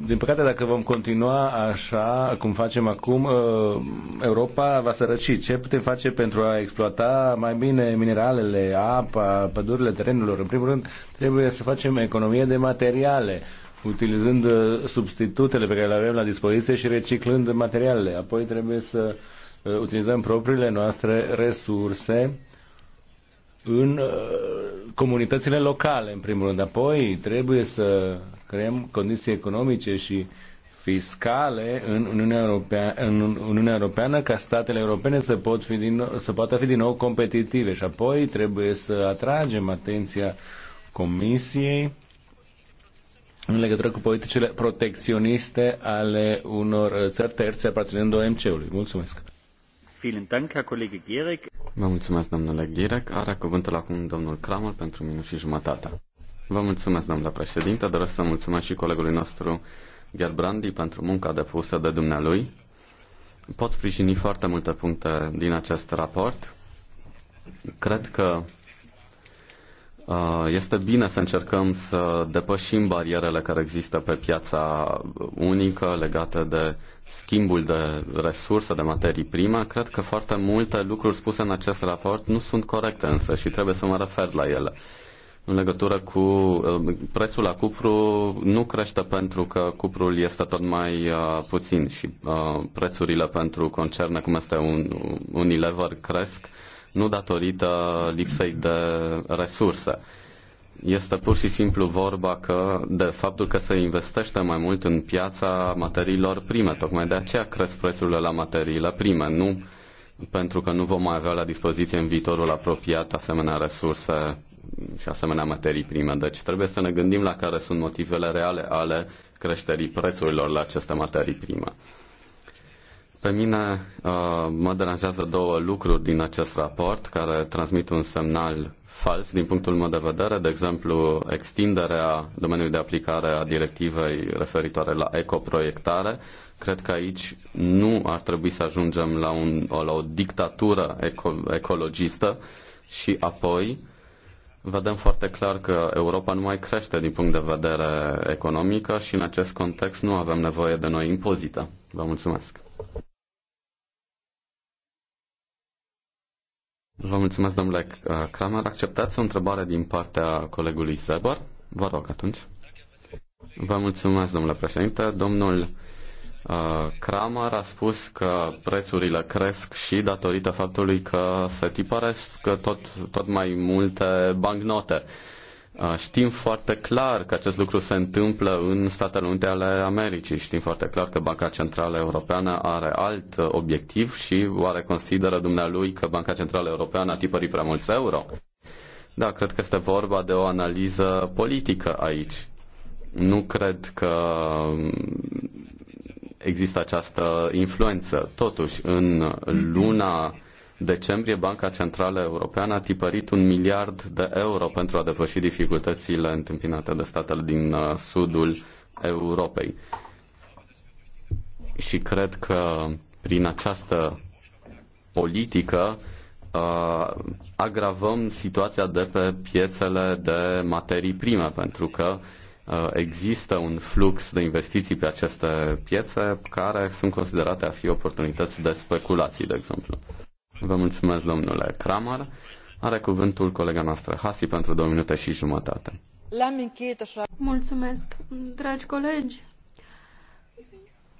din păcate, dacă vom continua așa cum facem acum, uh, Europa va sărăci. Ce putem face pentru a exploata mai bine mineralele, apa, pădurile, terenurilor? În primul rând, trebuie să facem economie de materiale, utilizând uh, substitutele pe care le avem la dispoziție și reciclând materialele. Apoi trebuie să uh, utilizăm propriile noastre resurse în comunitățile locale, în primul rând. Apoi trebuie să creăm condiții economice și fiscale în Uniunea, Europeană, în Uniunea Europeană ca statele europene să, pot fi din nou, să poată fi din nou competitive și apoi trebuie să atragem atenția Comisiei în legătură cu politicile protecționiste ale unor țări terțe aparținând OMC-ului. Mulțumesc! Vă mulțumesc, domnule Ghirec. Are cuvântul acum domnul Kramer pentru minut și jumătate. Vă mulțumesc, domnule președinte. Doresc să mulțumesc și colegului nostru, Gerbrandi, pentru munca depusă de dumnealui. Pot sprijini foarte multe puncte din acest raport. Cred că uh, este bine să încercăm să depășim barierele care există pe piața unică legate de schimbul de resurse, de materii prime. Cred că foarte multe lucruri spuse în acest raport nu sunt corecte însă și trebuie să mă refer la ele în legătură cu uh, prețul la cupru nu crește pentru că cuprul este tot mai uh, puțin și uh, prețurile pentru concerne cum este un, Unilever cresc nu datorită lipsei de resurse. Este pur și simplu vorba că de faptul că se investește mai mult în piața materiilor prime, tocmai de aceea cresc prețurile la materiile prime, nu pentru că nu vom mai avea la dispoziție în viitorul apropiat asemenea resurse și asemenea materii prime. Deci trebuie să ne gândim la care sunt motivele reale ale creșterii prețurilor la aceste materii prime. Pe mine uh, mă deranjează două lucruri din acest raport care transmit un semnal fals din punctul meu de vedere, de exemplu extinderea domeniului de aplicare a directivei referitoare la ecoproiectare. Cred că aici nu ar trebui să ajungem la, un, la o dictatură eco, ecologistă și apoi uh, vedem foarte clar că Europa nu mai crește din punct de vedere economic și în acest context nu avem nevoie de noi impozite. Vă mulțumesc. Vă mulțumesc, domnule uh, Kramer. Acceptați o întrebare din partea colegului Zebar? Vă rog atunci. Vă mulțumesc, domnule președinte. Domnul Uh, Kramer a spus că prețurile cresc și datorită faptului că se tipăresc tot, tot mai multe bancnote. Uh, știm foarte clar că acest lucru se întâmplă în Statele Unite ale Americii. Știm foarte clar că Banca Centrală Europeană are alt obiectiv și oare consideră dumnealui că Banca Centrală Europeană a tipărit prea mulți euro? Da, cred că este vorba de o analiză politică aici. Nu cred că există această influență. Totuși, în luna decembrie, Banca Centrală Europeană a tipărit un miliard de euro pentru a depăși dificultățile întâmpinate de statele din uh, sudul Europei. Și cred că prin această politică uh, agravăm situația de pe piețele de materii prime, pentru că uh, Uh, există un flux de investiții pe aceste piețe care sunt considerate a fi oportunități de speculații, de exemplu. Vă mulțumesc, domnule Kramer. Are cuvântul colega noastră Hasi pentru două minute și jumătate. Mulțumesc, dragi colegi.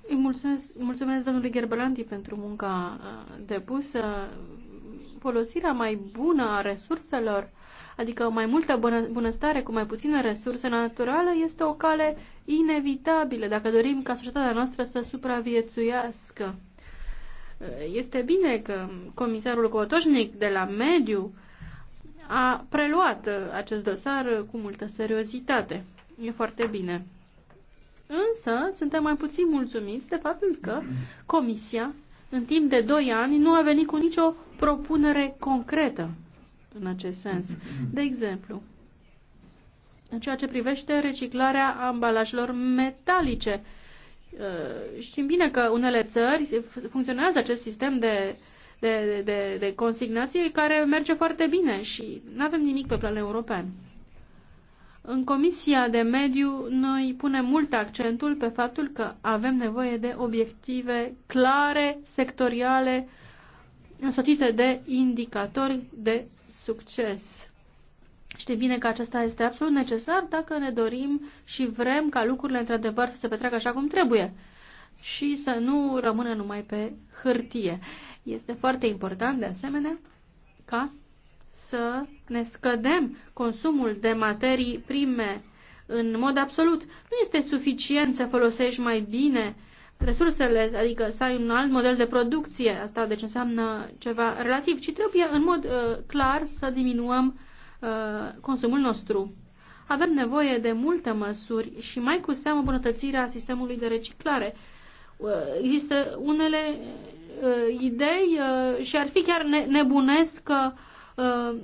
Îi mulțumesc, mulțumesc domnului Gerbalanti pentru munca uh, depusă. Folosirea mai bună a resurselor adică mai multă bună, bunăstare cu mai puțină resurse naturală, este o cale inevitabilă dacă dorim ca societatea noastră să supraviețuiască. Este bine că comisarul Cotoșnic de la Mediu a preluat acest dosar cu multă seriozitate. E foarte bine. Însă, suntem mai puțin mulțumiți de faptul că Comisia, în timp de 2 ani, nu a venit cu nicio propunere concretă în acest sens. Mm-hmm, mm-hmm. De exemplu, în ceea ce privește reciclarea ambalajelor metalice, uh, știm bine că unele țări funcționează acest sistem de, de, de, de consignație care merge foarte bine și nu avem nimic pe plan european. În Comisia de Mediu noi punem mult accentul pe faptul că avem nevoie de obiective clare, sectoriale, însoțite de indicatori de succes. Știm bine că acesta este absolut necesar dacă ne dorim și vrem ca lucrurile într-adevăr să se petreacă așa cum trebuie și să nu rămână numai pe hârtie. Este foarte important, de asemenea, ca să ne scădem consumul de materii prime în mod absolut. Nu este suficient să folosești mai bine resursele, adică să ai un alt model de producție, asta deci înseamnă ceva relativ, ci trebuie în mod uh, clar să diminuăm uh, consumul nostru. Avem nevoie de multe măsuri și mai cu seamă bunătățirea sistemului de reciclare. Uh, există unele uh, idei uh, și ar fi chiar ne- nebunesc că uh,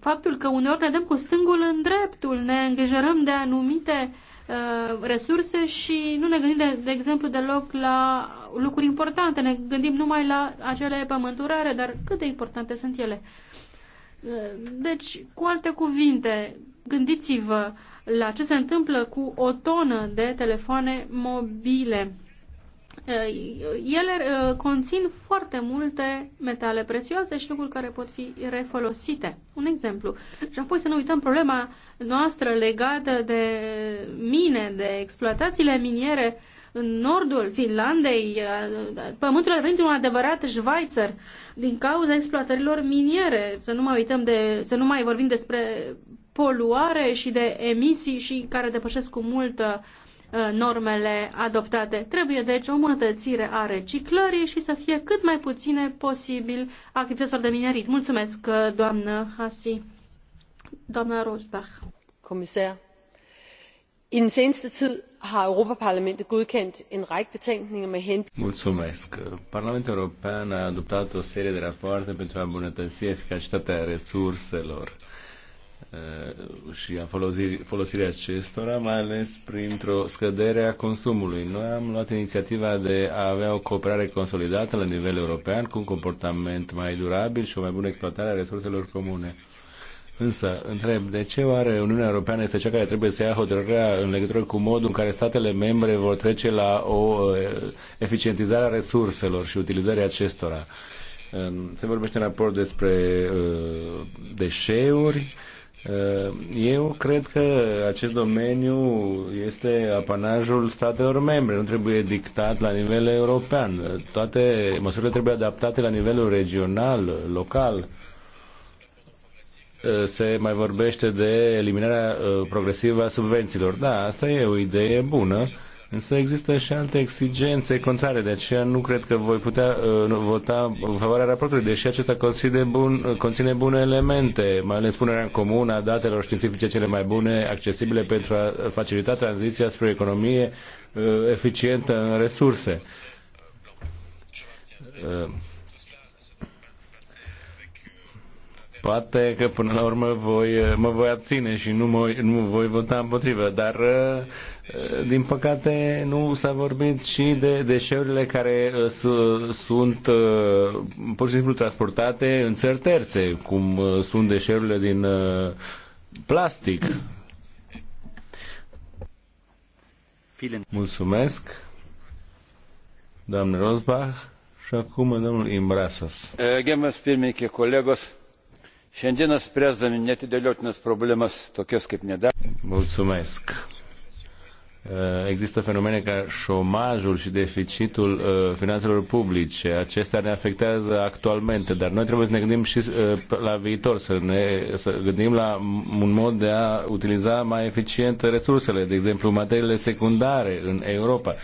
faptul că uneori ne dăm cu stângul în dreptul, ne îngrijorăm de anumite uh, Uh, resurse și nu ne gândim, de, de exemplu, deloc la lucruri importante. Ne gândim numai la acele pământurare, dar cât de importante sunt ele. Uh, deci, cu alte cuvinte, gândiți-vă la ce se întâmplă cu o tonă de telefoane mobile Eh, ele eh, conțin foarte multe metale prețioase și lucruri care pot fi refolosite. Un exemplu. Și apoi să nu uităm problema noastră legată de mine, de exploatațiile miniere în nordul Finlandei, eh, pământul a devenit un adevărat Schweizer din cauza exploatărilor miniere. Să nu mai uităm de, să nu mai vorbim despre poluare și de emisii și care depășesc cu mult uh, Uh, normele adoptate. Trebuie deci o îmbunătățire a reciclării și să fie cât mai puține posibil activităților de minerit. Mulțumesc, uh, doamnă Hasi. Doamna Rosbach. Comisar, în den seneste tid har Europaparlamentet godkendt en række betænkninger med hen... Mulțumesc. Parlamentul European a adoptat o serie de rapoarte pentru a îmbunătăți eficacitatea resurselor Uh, și a folosirii, folosirii acestora, mai ales printr-o scădere a consumului. Noi am luat inițiativa de a avea o cooperare consolidată la nivel european cu un comportament mai durabil și o mai bună exploatare a resurselor comune. Însă, întreb, de ce oare Uniunea Europeană este cea care trebuie să ia hotărârea în legătură cu modul în care statele membre vor trece la o uh, eficientizare a resurselor și utilizarea acestora? Um, se vorbește în raport despre uh, deșeuri, Eh, eu cred că acest domeniu este apanajul statelor membre, nu trebuie dictat la nivel european. Toate măsurile trebuie adaptate la nivelul regional, local. Eh, se mai vorbește de eliminarea eh, progresivă a subvențiilor. Da, asta e o idee bună Însă există și alte exigențe contrare, de aceea nu cred că voi putea uh, vota în favoarea raportului, deși acesta conține, bun, conține bune elemente, mai ales punerea în comun a datelor științifice cele mai bune, accesibile pentru a facilita tranziția spre o economie uh, eficientă în resurse. Uh, Poate că până la urmă voi, uh, mă voi abține și nu, mă, nu voi vota împotrivă, dar uh, Eh, din păcate, nu s-a vorbit și de deșeurile care eh, sunt eh, pur și simplu transportate în țări terțe, cum sunt deșeurile din plastic. Mulțumesc, doamne Rosbach, și acum domnul Imbrasas. Gerbiamas pirmininkė, kolegos, šiandieną spręsdami netidėliotinas problemas, tokias kaip nedarbas. Mulțumesc. Uh, există fenomene ca șomajul și deficitul uh, finanțelor publice. Acestea ne afectează actualmente, dar noi trebuie să ne gândim și uh, la viitor, să ne să gândim la un mod de a utiliza mai eficient resursele, de exemplu materiile secundare în Europa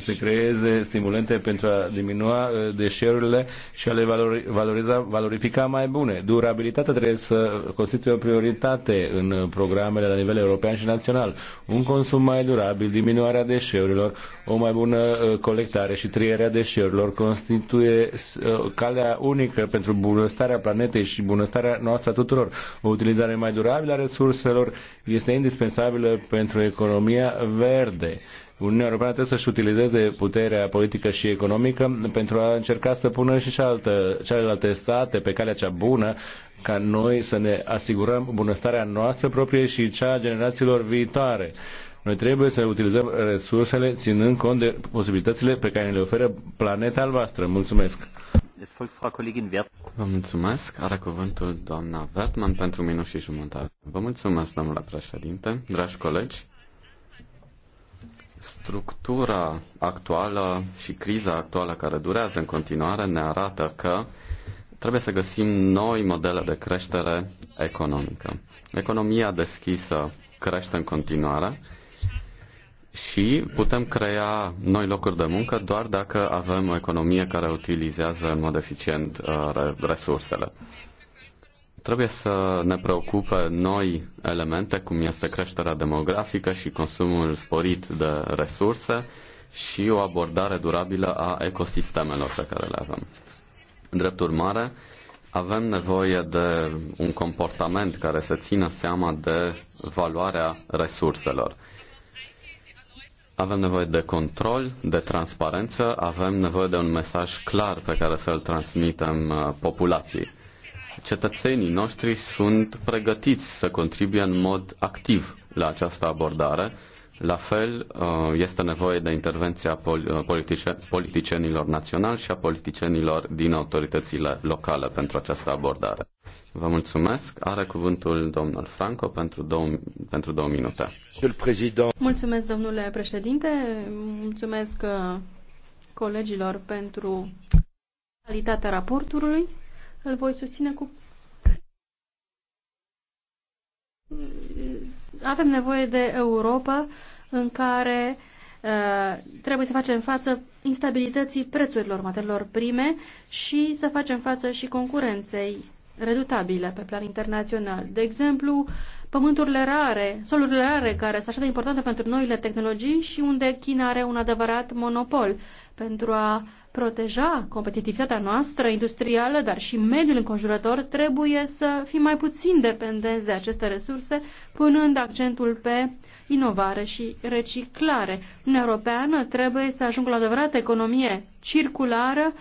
să se creeze stimulente pentru a diminua uh, deșeurile și a le valoriza, valorifica mai bune. Durabilitatea trebuie să constituie o prioritate în programele la nivel european și național. Un consum mai durabil, diminuarea deșeurilor, o mai bună uh, colectare și trierea deșeurilor constituie uh, calea unică pentru bunăstarea planetei și bunăstarea noastră a tuturor. O utilizare mai durabilă a resurselor este indispensabilă pentru economia verde. Uniunea Europeană trebuie să-și utilizeze puterea politică și economică pentru a încerca să pună și cealaltă, celelalte state pe calea cea bună ca noi să ne asigurăm bunăstarea noastră proprie și cea a generațiilor viitoare. Noi trebuie să utilizăm resursele ținând cont de posibilitățile pe care ne le oferă planeta albastră. Mulțumesc! Vă mulțumesc. Are cuvântul doamna Wertmann pentru minut și jumătate. Vă mulțumesc, domnule președinte, dragi colegi. Structura actuală și criza actuală care durează în continuare ne arată că trebuie să găsim noi modele de creștere economică. Economia deschisă crește în continuare și putem crea noi locuri de muncă doar dacă avem o economie care utilizează în mod eficient uh, resursele. Trebuie să ne preocupe noi elemente, cum este creșterea demografică și consumul sporit de resurse și o abordare durabilă a ecosistemelor pe care le avem. Drept urmare, avem nevoie de un comportament care să țină seama de valoarea resurselor. Avem nevoie de control, de transparență, avem nevoie de un mesaj clar pe care să-l transmitem uh, populației cetățenii noștri sunt pregătiți să contribuie în mod activ la această abordare. La fel, uh, este nevoie de intervenția uh, politicienilor naționali și a politicienilor din autoritățile locale pentru această abordare. Vă mulțumesc. Are cuvântul domnul Franco pentru două, pentru două minute. Mulțumesc, domnule președinte. Mulțumesc uh, colegilor pentru calitatea raportului. Îl voi susține cu avem nevoie de Europa în care uh, trebuie să facem față instabilității prețurilor materiilor prime și să facem față și concurenței redutabile pe plan internațional. De exemplu, pământurile rare, solurile rare, care sunt așa de importante pentru noile tehnologii și unde China are un adevărat monopol pentru a proteja competitivitatea noastră industrială, dar și mediul înconjurător, trebuie să fim mai puțin dependenți de aceste resurse, punând accentul pe inovare și reciclare. Uniunea Europeană trebuie să ajungă la o adevărată economie circulară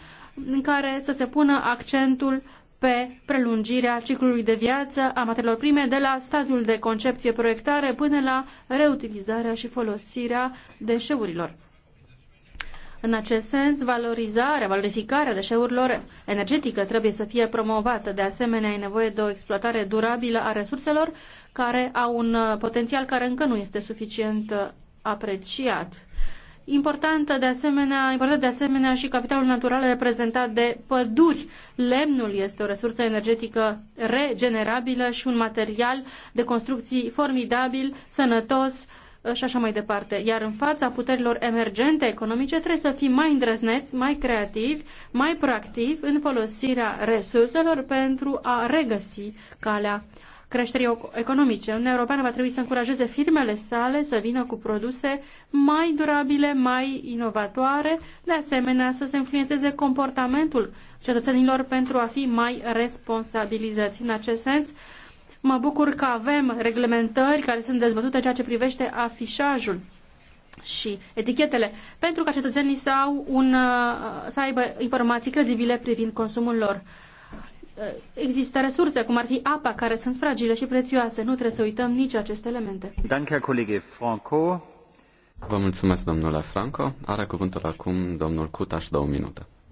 în care să se pună accentul pe prelungirea ciclului de viață a materiilor prime de la stadiul de concepție-proiectare până la reutilizarea și folosirea deșeurilor. În acest sens, valorizarea, valorificarea deșeurilor energetică trebuie să fie promovată. De asemenea, e nevoie de o exploatare durabilă a resurselor care au un uh, potențial care încă nu este suficient uh, apreciat. Important de, asemenea, important de asemenea și capitalul natural reprezentat de păduri. Lemnul este o resursă energetică regenerabilă și un material de construcții formidabil, sănătos, Uh, și așa mai departe. Iar în fața puterilor emergente economice trebuie să fim mai îndrăzneți, mai creativi, mai proactivi în folosirea resurselor pentru a regăsi calea creșterii economice. Uniunea Europeană va trebui să încurajeze firmele sale să vină cu produse mai durabile, mai inovatoare, de asemenea să se influențeze comportamentul cetățenilor pentru a fi mai responsabilizați. În acest sens, Mă bucur că avem reglementări care sunt dezbătute în ceea ce privește afișajul și etichetele, pentru ca cetățenii să, au un, uh, să aibă informații credibile privind consumul lor. Uh, există resurse, cum ar fi apa, care sunt fragile și prețioase. Nu trebuie să uităm nici aceste elemente. Danke, colegi Franco. Vă mulțumesc, domnule Franco. Are cuvântul acum domnul Cutaș, două minute.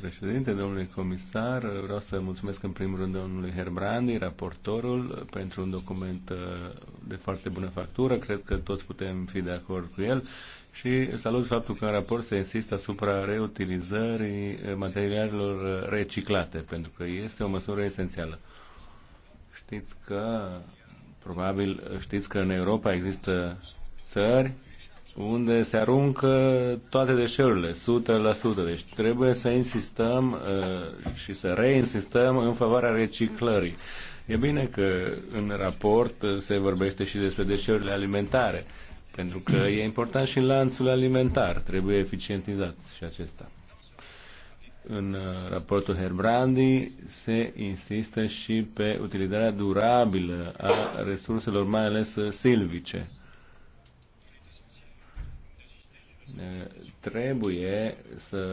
președinte, domnule comisar, vreau să mulțumesc în primul rând domnului Herbrandi, raportorul, pentru un document uh, de foarte bună factură. Cred că toți putem fi de acord cu el și salut faptul că în raport se insistă asupra reutilizării materialelor reciclate, pentru că este o măsură esențială. Știți că, probabil știți că în Europa există țări unde se aruncă toate deșeurile, 100%. Deci trebuie să insistăm uh, și să reinsistăm în favoarea reciclării. E bine că în raport se vorbește și despre deșeurile alimentare, pentru că e important și lanțul alimentar, trebuie eficientizat și acesta. În uh, raportul Herbrandi se insistă și pe utilizarea durabilă a resurselor, mai ales uh, silvice trebuie să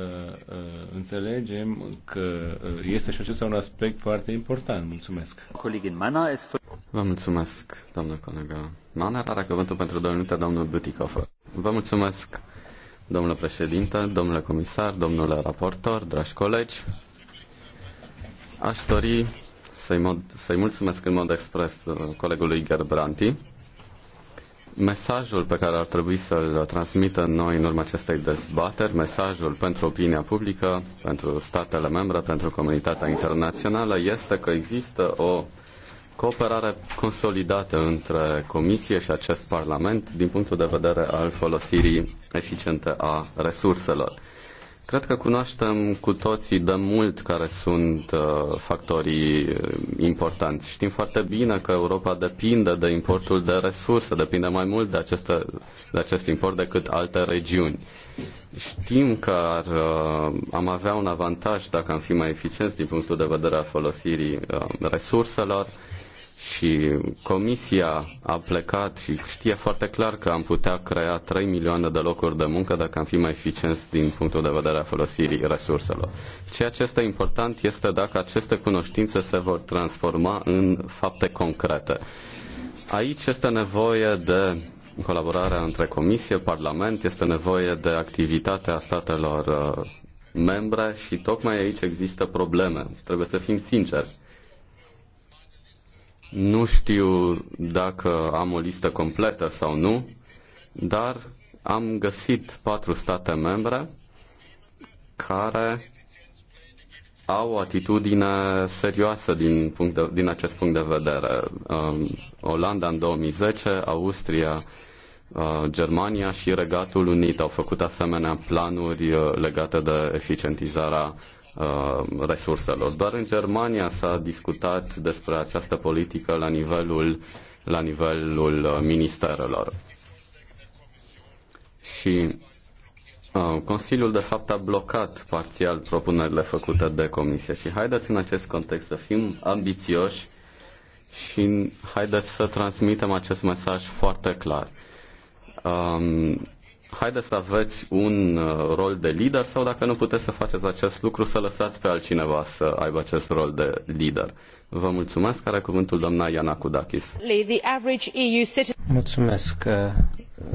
înțelegem că este și acesta un aspect foarte important. Mulțumesc. Vă mulțumesc, doamnă colegă. Mana are cuvântul pentru două minute, domnul Butikov. Vă mulțumesc, domnule președinte, domnule comisar, domnule raportor, dragi colegi. Aș dori să-i, mod- să mulțumesc în mod expres uh, colegului Gerbranti Mesajul pe care ar trebui să-l transmitem noi în urma acestei dezbateri, mesajul pentru opinia publică, pentru statele membre, pentru comunitatea internațională, este că există o cooperare consolidată între Comisie și acest Parlament din punctul de vedere al folosirii eficiente a resurselor. Cred că cunoaștem cu toții de mult care sunt uh, factorii uh, importanți. Știm foarte bine că Europa depinde de importul de resurse, depinde mai mult de, aceste, de acest import decât alte regiuni. Știm că ar, uh, am avea un avantaj dacă am fi mai eficienți din punctul de vedere al folosirii resurselor și comisia a plecat și știe foarte clar că am putea crea 3 milioane de locuri de muncă dacă am fi mai eficienți din punctul de vedere al folosirii resurselor. Ceea ce este important este dacă aceste cunoștințe se vor transforma în fapte concrete. Aici este nevoie de colaborarea între Comisie, Parlament, este nevoie de activitatea statelor uh, membre și tocmai aici există probleme. Trebuie să fim sinceri nu știu dacă am o listă completă sau nu, dar am găsit patru state membre care au o atitudine serioasă din, punct de, din acest punct de vedere. Um, Olanda în 2010, Austria, uh, Germania și Regatul Unit au făcut asemenea planuri uh, legate de eficientizarea Uh, resurselor. Doar în Germania s-a discutat despre această politică la nivelul, la nivelul uh, ministerelor. Și uh, Consiliul, de fapt, a blocat parțial propunerile făcute de Comisie. Și haideți în acest context să fim ambițioși și haideți să transmitem acest mesaj foarte clar. Um, haideți să aveți un uh, rol de lider sau dacă nu puteți să faceți acest lucru, să lăsați pe altcineva să aibă acest rol de lider. Vă mulțumesc. Are cuvântul doamna Iana Kudakis. Mulțumesc.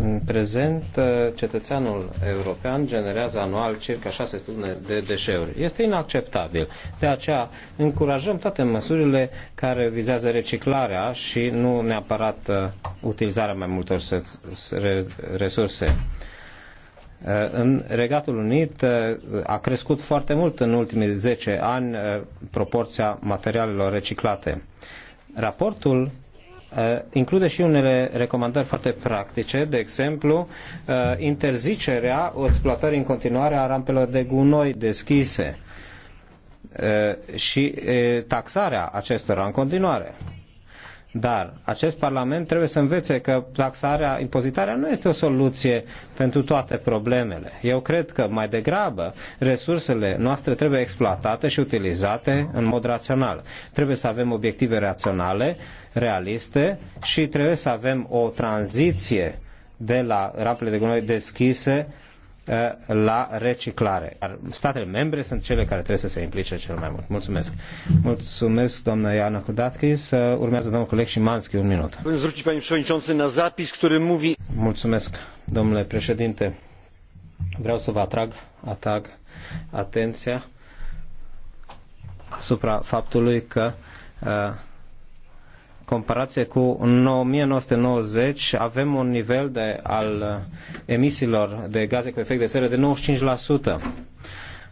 În prezent, uh, cetățeanul european generează anual circa 6 tone de deșeuri. Este inacceptabil. De aceea, încurajăm toate măsurile care vizează reciclarea și nu neapărat uh, utilizarea mai multor resurse. Uh, în Regatul Unit uh, a crescut foarte mult în ultimii 10 ani uh, proporția materialelor reciclate. Raportul include și unele recomandări foarte practice, de exemplu, interzicerea exploatării în continuare a rampelor de gunoi deschise și taxarea acestora în continuare. Dar acest Parlament trebuie să învețe că taxarea, impozitarea nu este o soluție pentru toate problemele. Eu cred că mai degrabă resursele noastre trebuie exploatate și utilizate în mod rațional. Trebuie să avem obiective raționale, realiste și trebuie să avem o tranziție de la rampele de gunoi deschise Uh, la reciclare. Statele membre sunt cele care trebuie să se implice cel mai mult. Mulțumesc. Mulțumesc, doamna Iana Kudatkis. Uh, urmează domnul coleg Szymanski, un minut. Mulțumesc, domnule președinte. Vreau să vă atrag, atrag atenția asupra faptului că uh, comparație cu 1990, avem un nivel de, al uh, emisiilor de gaze cu efect de seră de 95%.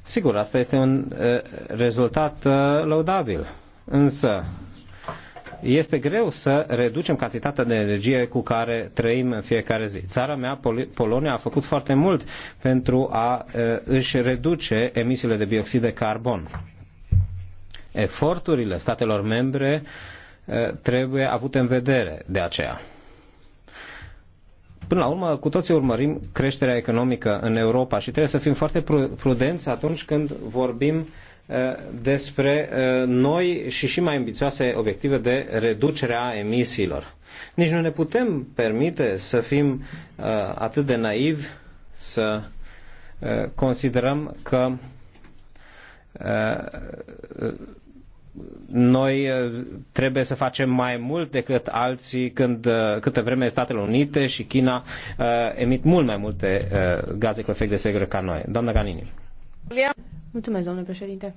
Sigur, asta este un uh, rezultat uh, laudabil. însă este greu să reducem cantitatea de energie cu care trăim în fiecare zi. Țara mea, Pol- Polonia, a făcut foarte mult pentru a își reduce emisiile de dioxid de carbon. Eforturile statelor membre uh, Eh, trebuie avut în vedere de aceea. Până la urmă, cu toții urmărim creșterea economică în Europa și trebuie să fim foarte prudenți atunci când vorbim eh, despre eh, noi și și mai ambițioase obiective de reducere a emisiilor. Nici nu ne putem permite să fim atât de naivi să considerăm că noi eh, trebuie să facem mai mult decât alții când eh, câtă vreme Statele Unite și China eh, emit mult mai multe gaze cu efect de seră ca noi. Doamna Ganini. Mulțumesc, domnule președinte.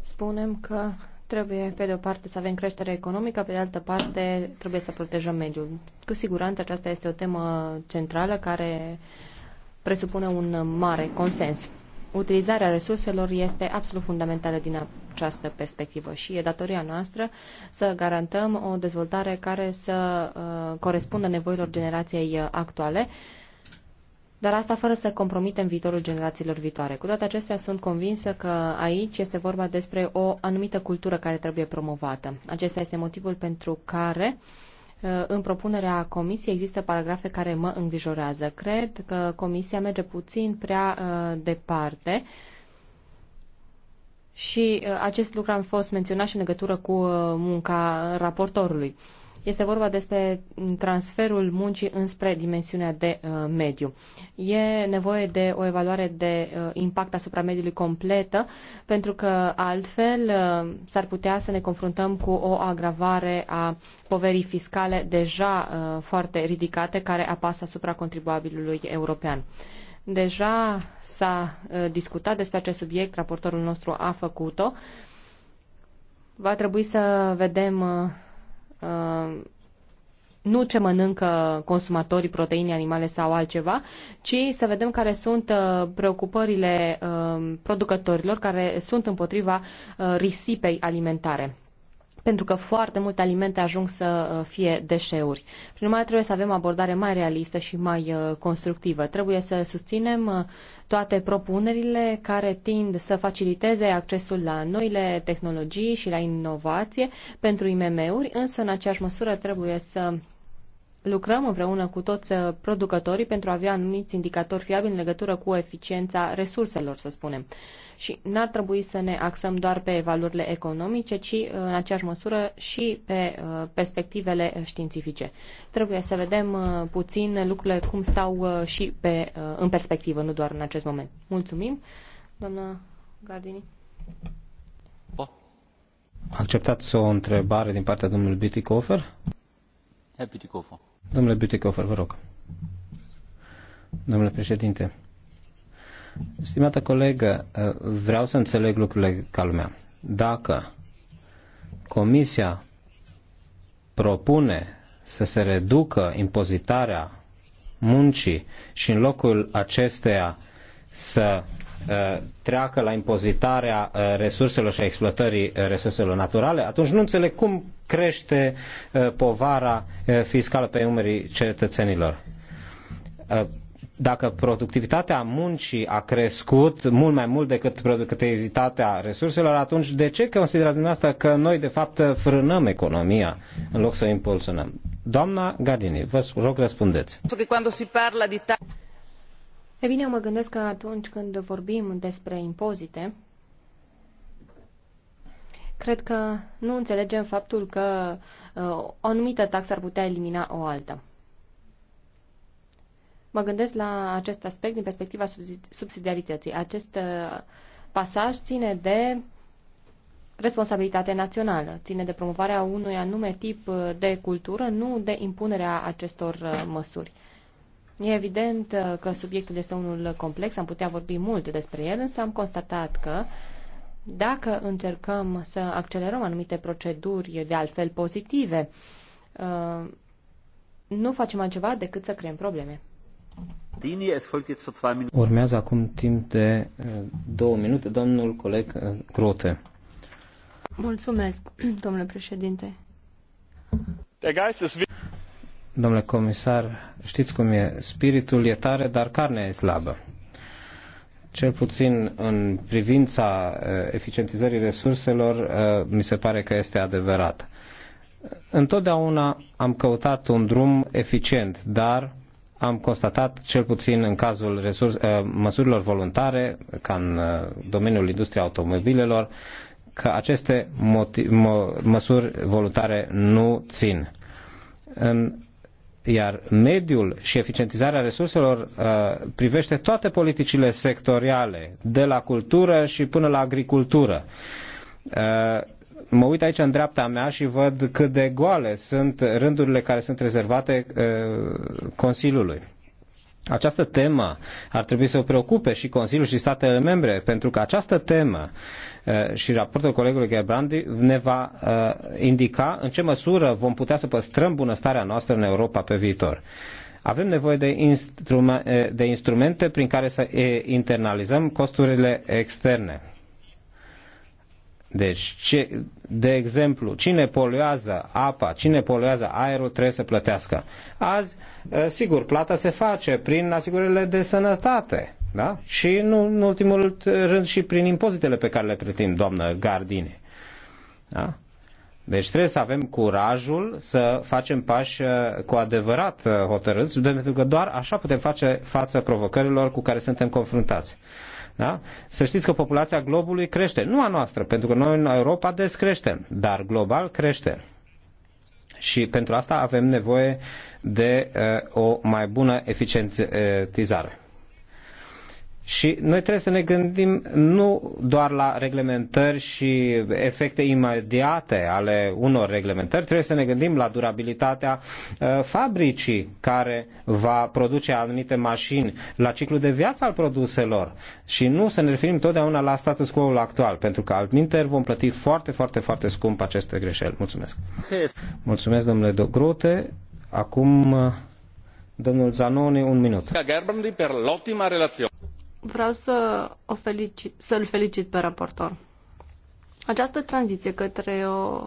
Spunem că trebuie, pe de o parte, să avem creștere economică, pe de altă parte, trebuie să protejăm mediul. Cu siguranță aceasta este o temă centrală care presupune un mare consens utilizarea resurselor este absolut fundamentală din această perspectivă și e datoria noastră să garantăm o dezvoltare care să uh, corespundă nevoilor generației uh, actuale, dar asta fără să compromitem viitorul generațiilor viitoare. Cu toate acestea, sunt convinsă că aici este vorba despre o anumită cultură care trebuie promovată. Acesta este motivul pentru care uh, în propunerea comisiei există paragrafe care mă îngrijorează. Cred că comisia merge puțin prea uh, departe și uh, acest lucru a fost menționat și în legătură cu uh, munca raportorului. Este vorba despre transferul muncii înspre dimensiunea de uh, mediu. E nevoie de o evaluare de uh, impact asupra mediului completă, pentru că altfel uh, s-ar putea să ne confruntăm cu o agravare a poverii fiscale deja uh, foarte ridicate care apasă asupra contribuabilului european. Deja s-a uh, discutat despre acest subiect, raportorul nostru a făcut-o. Va trebui să vedem uh, Uh, nu ce mănâncă consumatorii proteine animale sau altceva, ci să vedem care sunt uh, preocupările uh, producătorilor care sunt împotriva risipei alimentare pentru că foarte multe alimente ajung să uh, fie deșeuri. Prin urmare, trebuie să avem abordare mai realistă și mai uh, constructivă. Trebuie să susținem uh, toate propunerile care tind să faciliteze accesul la noile tehnologii și la inovație pentru IMM-uri, însă în aceeași măsură trebuie să Lucrăm împreună cu toți uh, producătorii pentru a avea anumiți indicatori fiabili în legătură cu eficiența resurselor, să spunem. Și n-ar trebui să ne axăm doar pe valorile economice, ci uh, în aceeași măsură și pe uh, perspectivele științifice. Trebuie să vedem puțin lucrurile cum stau și pe, în perspectivă, nu doar în acest moment. Mulțumim, doamnă Gardini. Acceptați o întrebare din partea domnului Bitticofer? Herr Bitticofer. Domnule Butikofer, vă rog. Domnule președinte, stimată colegă, vreau să înțeleg lucrurile calmea. Dacă Comisia propune să se reducă impozitarea muncii și în locul acesteia să Uh, treacă la impozitarea uh, resurselor și a exploatării uh, resurselor naturale, atunci nu înțeleg cum crește povara fiscală pe umerii cetățenilor. Dacă productivitatea muncii a crescut mult mai mult decât productivitatea resurselor, atunci de ce considerați dumneavoastră că noi, de fapt, frânăm economia în loc să o impulsionăm? Doamna Gardini, vă rog răspundeți. E bine, eu mă gândesc că atunci când vorbim despre impozite, cred că nu înțelegem faptul că uh, o anumită taxă ar putea elimina o altă. Mă gândesc la acest aspect din perspectiva subsidiarității. Acest uh, pasaj ține de responsabilitate națională, ține de promovarea unui anume tip uh, de cultură, nu de impunerea acestor măsuri. E evident uh, că subiectul este unul complex, am putea vorbi mult despre el, însă am constatat că dacă încercăm să accelerăm anumite proceduri de altfel pozitive, uh, nu facem altceva decât să creăm probleme. Urmează acum timp de uh, două minute domnul coleg Grote. Mulțumesc, domnule președinte domnule comisar, știți cum e, spiritul e tare, dar carnea e slabă. Cel puțin în privința eh, eficientizării resurselor, eh, mi se pare că este adevărat. Întotdeauna am căutat un drum eficient, dar am constatat, cel puțin în cazul resurs, eh, măsurilor voluntare, ca în domeniul industriei automobilelor, că aceste motiv, mă, măsuri voluntare nu țin. În iar mediul și eficientizarea resurselor uh, privește toate politicile sectoriale, de la cultură și până la agricultură uh, mă uit aici în dreapta mea și văd cât de goale sunt rândurile care sunt rezervate uh, Consiliului. Această temă ar trebui să o preocupe și Consiliul și statele membre, pentru că această temă Eh, și raportul colegului Gerbrandi ne va eh, indica în ce măsură vom putea să păstrăm bunăstarea noastră în Europa pe viitor. Avem nevoie de, instrumente, eh, de instrumente prin care să internalizăm costurile externe. Deci, ce, de exemplu, cine poluează apa, cine poluează aerul, trebuie să plătească. Azi, sigur, plata se face prin asigurările de sănătate. Da? Și nu, în ultimul rând și prin impozitele pe care le plătim, doamnă Gardine. Da? Deci trebuie să avem curajul să facem pași uh, cu adevărat uh, hotărâți, pentru că doar așa putem face față provocărilor cu care suntem confruntați. Da? Să știți că populația globului crește, nu a noastră, pentru că noi în Europa des creștem, dar global crește. Și pentru asta avem nevoie de uh, o mai bună eficientizare. Uh, și noi trebuie să ne gândim nu doar la reglementări și efecte imediate ale unor reglementări, trebuie să ne gândim la durabilitatea uh, fabricii care va produce anumite mașini, la ciclul de viață al produselor și nu să ne referim totdeauna la status quo-ul actual, pentru că altminteri vom plăti foarte, foarte, foarte scump aceste greșeli. Mulțumesc! Mulțumesc, domnule Grote. Acum, uh, domnul Zanoni, un minut. Gerbrandi per l'ottima relazione vreau să o felicit, să-l felicit pe raportor. Această tranziție către o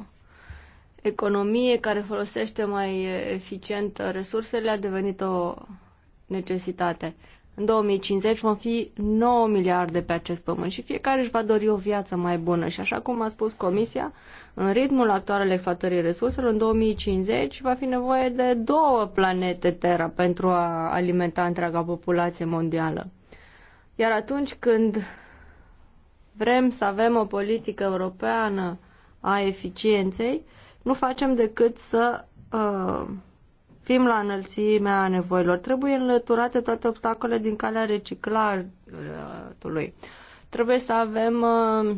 economie care folosește mai eficient resursele a devenit o necesitate. În 2050 vom fi 9 miliarde pe acest pământ și fiecare își va dori o viață mai bună. Și așa cum a spus Comisia, în ritmul actual al exploatării resurselor, în 2050 va fi nevoie de două planete Terra pentru a alimenta întreaga populație mondială. Iar atunci când vrem să avem o politică europeană a eficienței, nu facem decât să uh, fim la înălțimea nevoilor. Trebuie înlăturate toate obstacolele din calea reciclatului. Trebuie să avem uh,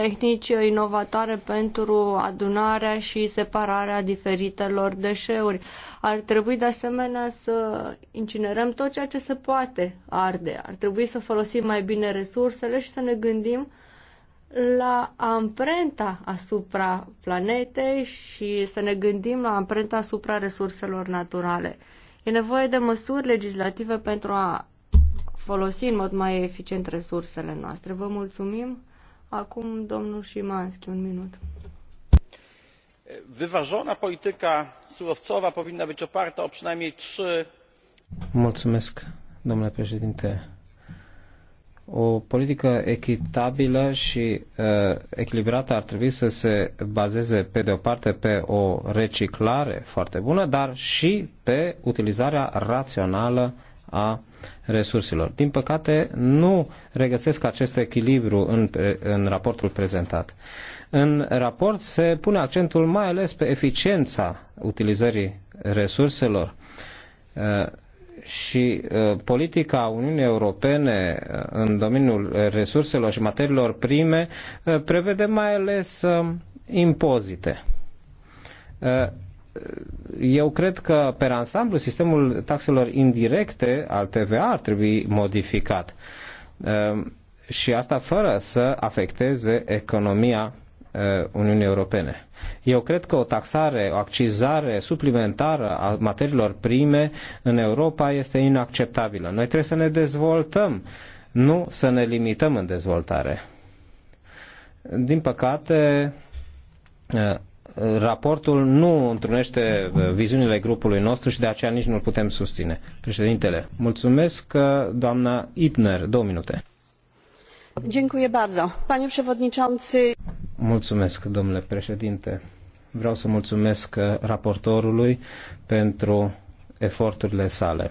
tehnici inovatoare pentru adunarea și separarea diferitelor deșeuri. Ar trebui de asemenea să incinerăm tot ceea ce se poate arde. Ar trebui să folosim mai bine resursele și să ne gândim la amprenta asupra planetei și să ne gândim la amprenta asupra resurselor naturale. E nevoie de măsuri legislative pentru a folosi în mod mai eficient resursele noastre. Vă mulțumim. Acum domnul Șimanski, un minut. Wyważona polityka surowcowa powinna być oparta o przynajmniej trzy. Mulțumesc, domnule președinte. O politică echitabilă și uh, echilibrată ar trebui să se bazeze, pe de o parte, pe o reciclare foarte bună, dar și pe utilizarea rațională a resurselor. Din păcate, nu regăsesc acest echilibru în, în raportul prezentat. În raport se pune accentul mai ales pe eficiența utilizării resurselor uh, și uh, politica Uniunii Europene uh, în domeniul resurselor și materiilor prime prevede mai ales impozite eu cred că, pe ansamblu, sistemul taxelor indirecte al TVA ar trebui modificat. Ehm, și asta fără să afecteze economia eh, Uniunii Europene. Eu cred că o taxare, o accizare suplimentară a materiilor prime în Europa este inacceptabilă. Noi trebuie să ne dezvoltăm, nu să ne limităm în dezvoltare. Din păcate, eh, raportul nu întrunește uh, viziunile grupului nostru și de aceea nici nu-l putem susține. Președintele, mulțumesc, uh, doamna Ipner, două minute. Dziękuję bardzo. Panie przewodniczący. Mulțumesc, domnule președinte. Vreau să mulțumesc uh, raportorului pentru eforturile sale.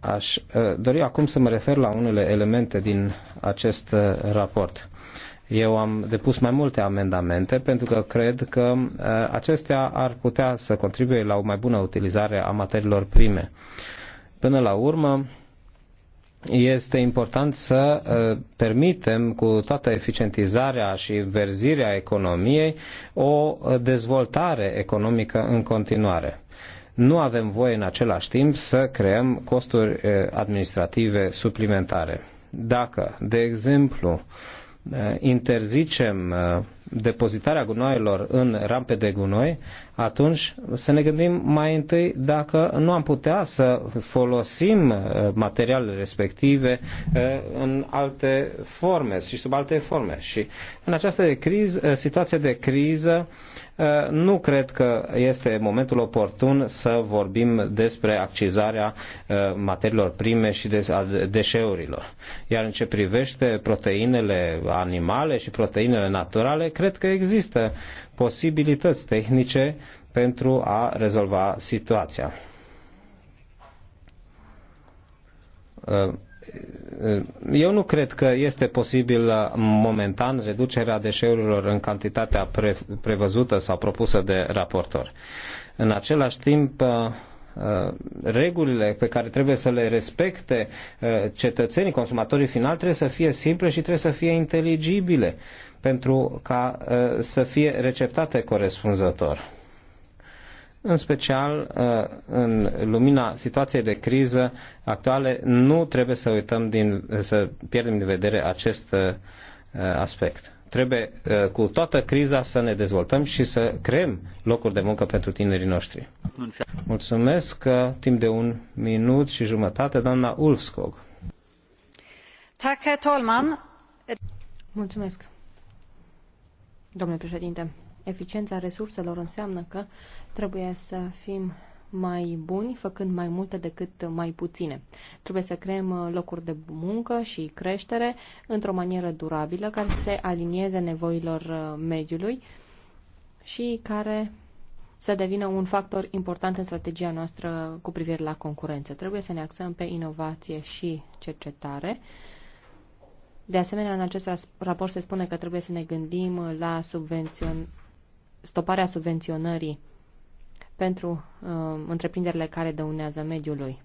Aș dori acum să mă refer la unele elemente din acest raport. Eu am depus mai multe amendamente pentru că cred că uh, acestea ar putea să contribuie la o mai bună utilizare a materiilor prime. Până la urmă, este important să uh, permitem cu toată eficientizarea și verzirea economiei o uh, dezvoltare economică în continuare. Nu avem voie în același timp să creăm costuri administrative suplimentare. Dacă, de exemplu, Eh, interzicem eh, depozitarea gunoilor în rampe de gunoi, atunci să ne gândim mai întâi dacă nu am putea să folosim uh, materialele respective uh, în alte forme și sub alte forme. Și în această de criză, uh, situație de criză nu cred că este momentul oportun să vorbim despre accizarea materiilor prime și de deșeurilor. Iar în ce privește proteinele animale și proteinele naturale, cred că există posibilități tehnice pentru a rezolva situația. Uh, eu nu cred că este posibil uh, momentan reducerea deșeurilor în cantitatea pre- prevăzută sau propusă de raportor. În același timp, uh, regulile pe care trebuie să le respecte cetățenii, consumatorii finali, trebuie să fie simple și trebuie să fie inteligibile pentru ca uh, să fie receptate corespunzător. În special, uh, în lumina situației de criză actuale, nu trebuie să uităm din, să pierdem din vedere acest uh, aspect. Trebuie cu toată criza să ne dezvoltăm și să creăm locuri de muncă pentru tinerii noștri. Mulțumesc că timp de un minut și jumătate, doamna Ulfskog. Mulțumesc. Domnule președinte, eficiența resurselor înseamnă că trebuie să fim mai buni, făcând mai multe decât mai puține. Trebuie să creăm locuri de muncă și creștere într-o manieră durabilă care se alinieze nevoilor mediului și care să devină un factor important în strategia noastră cu privire la concurență. Trebuie să ne axăm pe inovație și cercetare de asemenea, în acest raport se spune că trebuie să ne gândim la subvențion... stoparea subvenționării pentru uh, întreprinderile care dăunează mediului.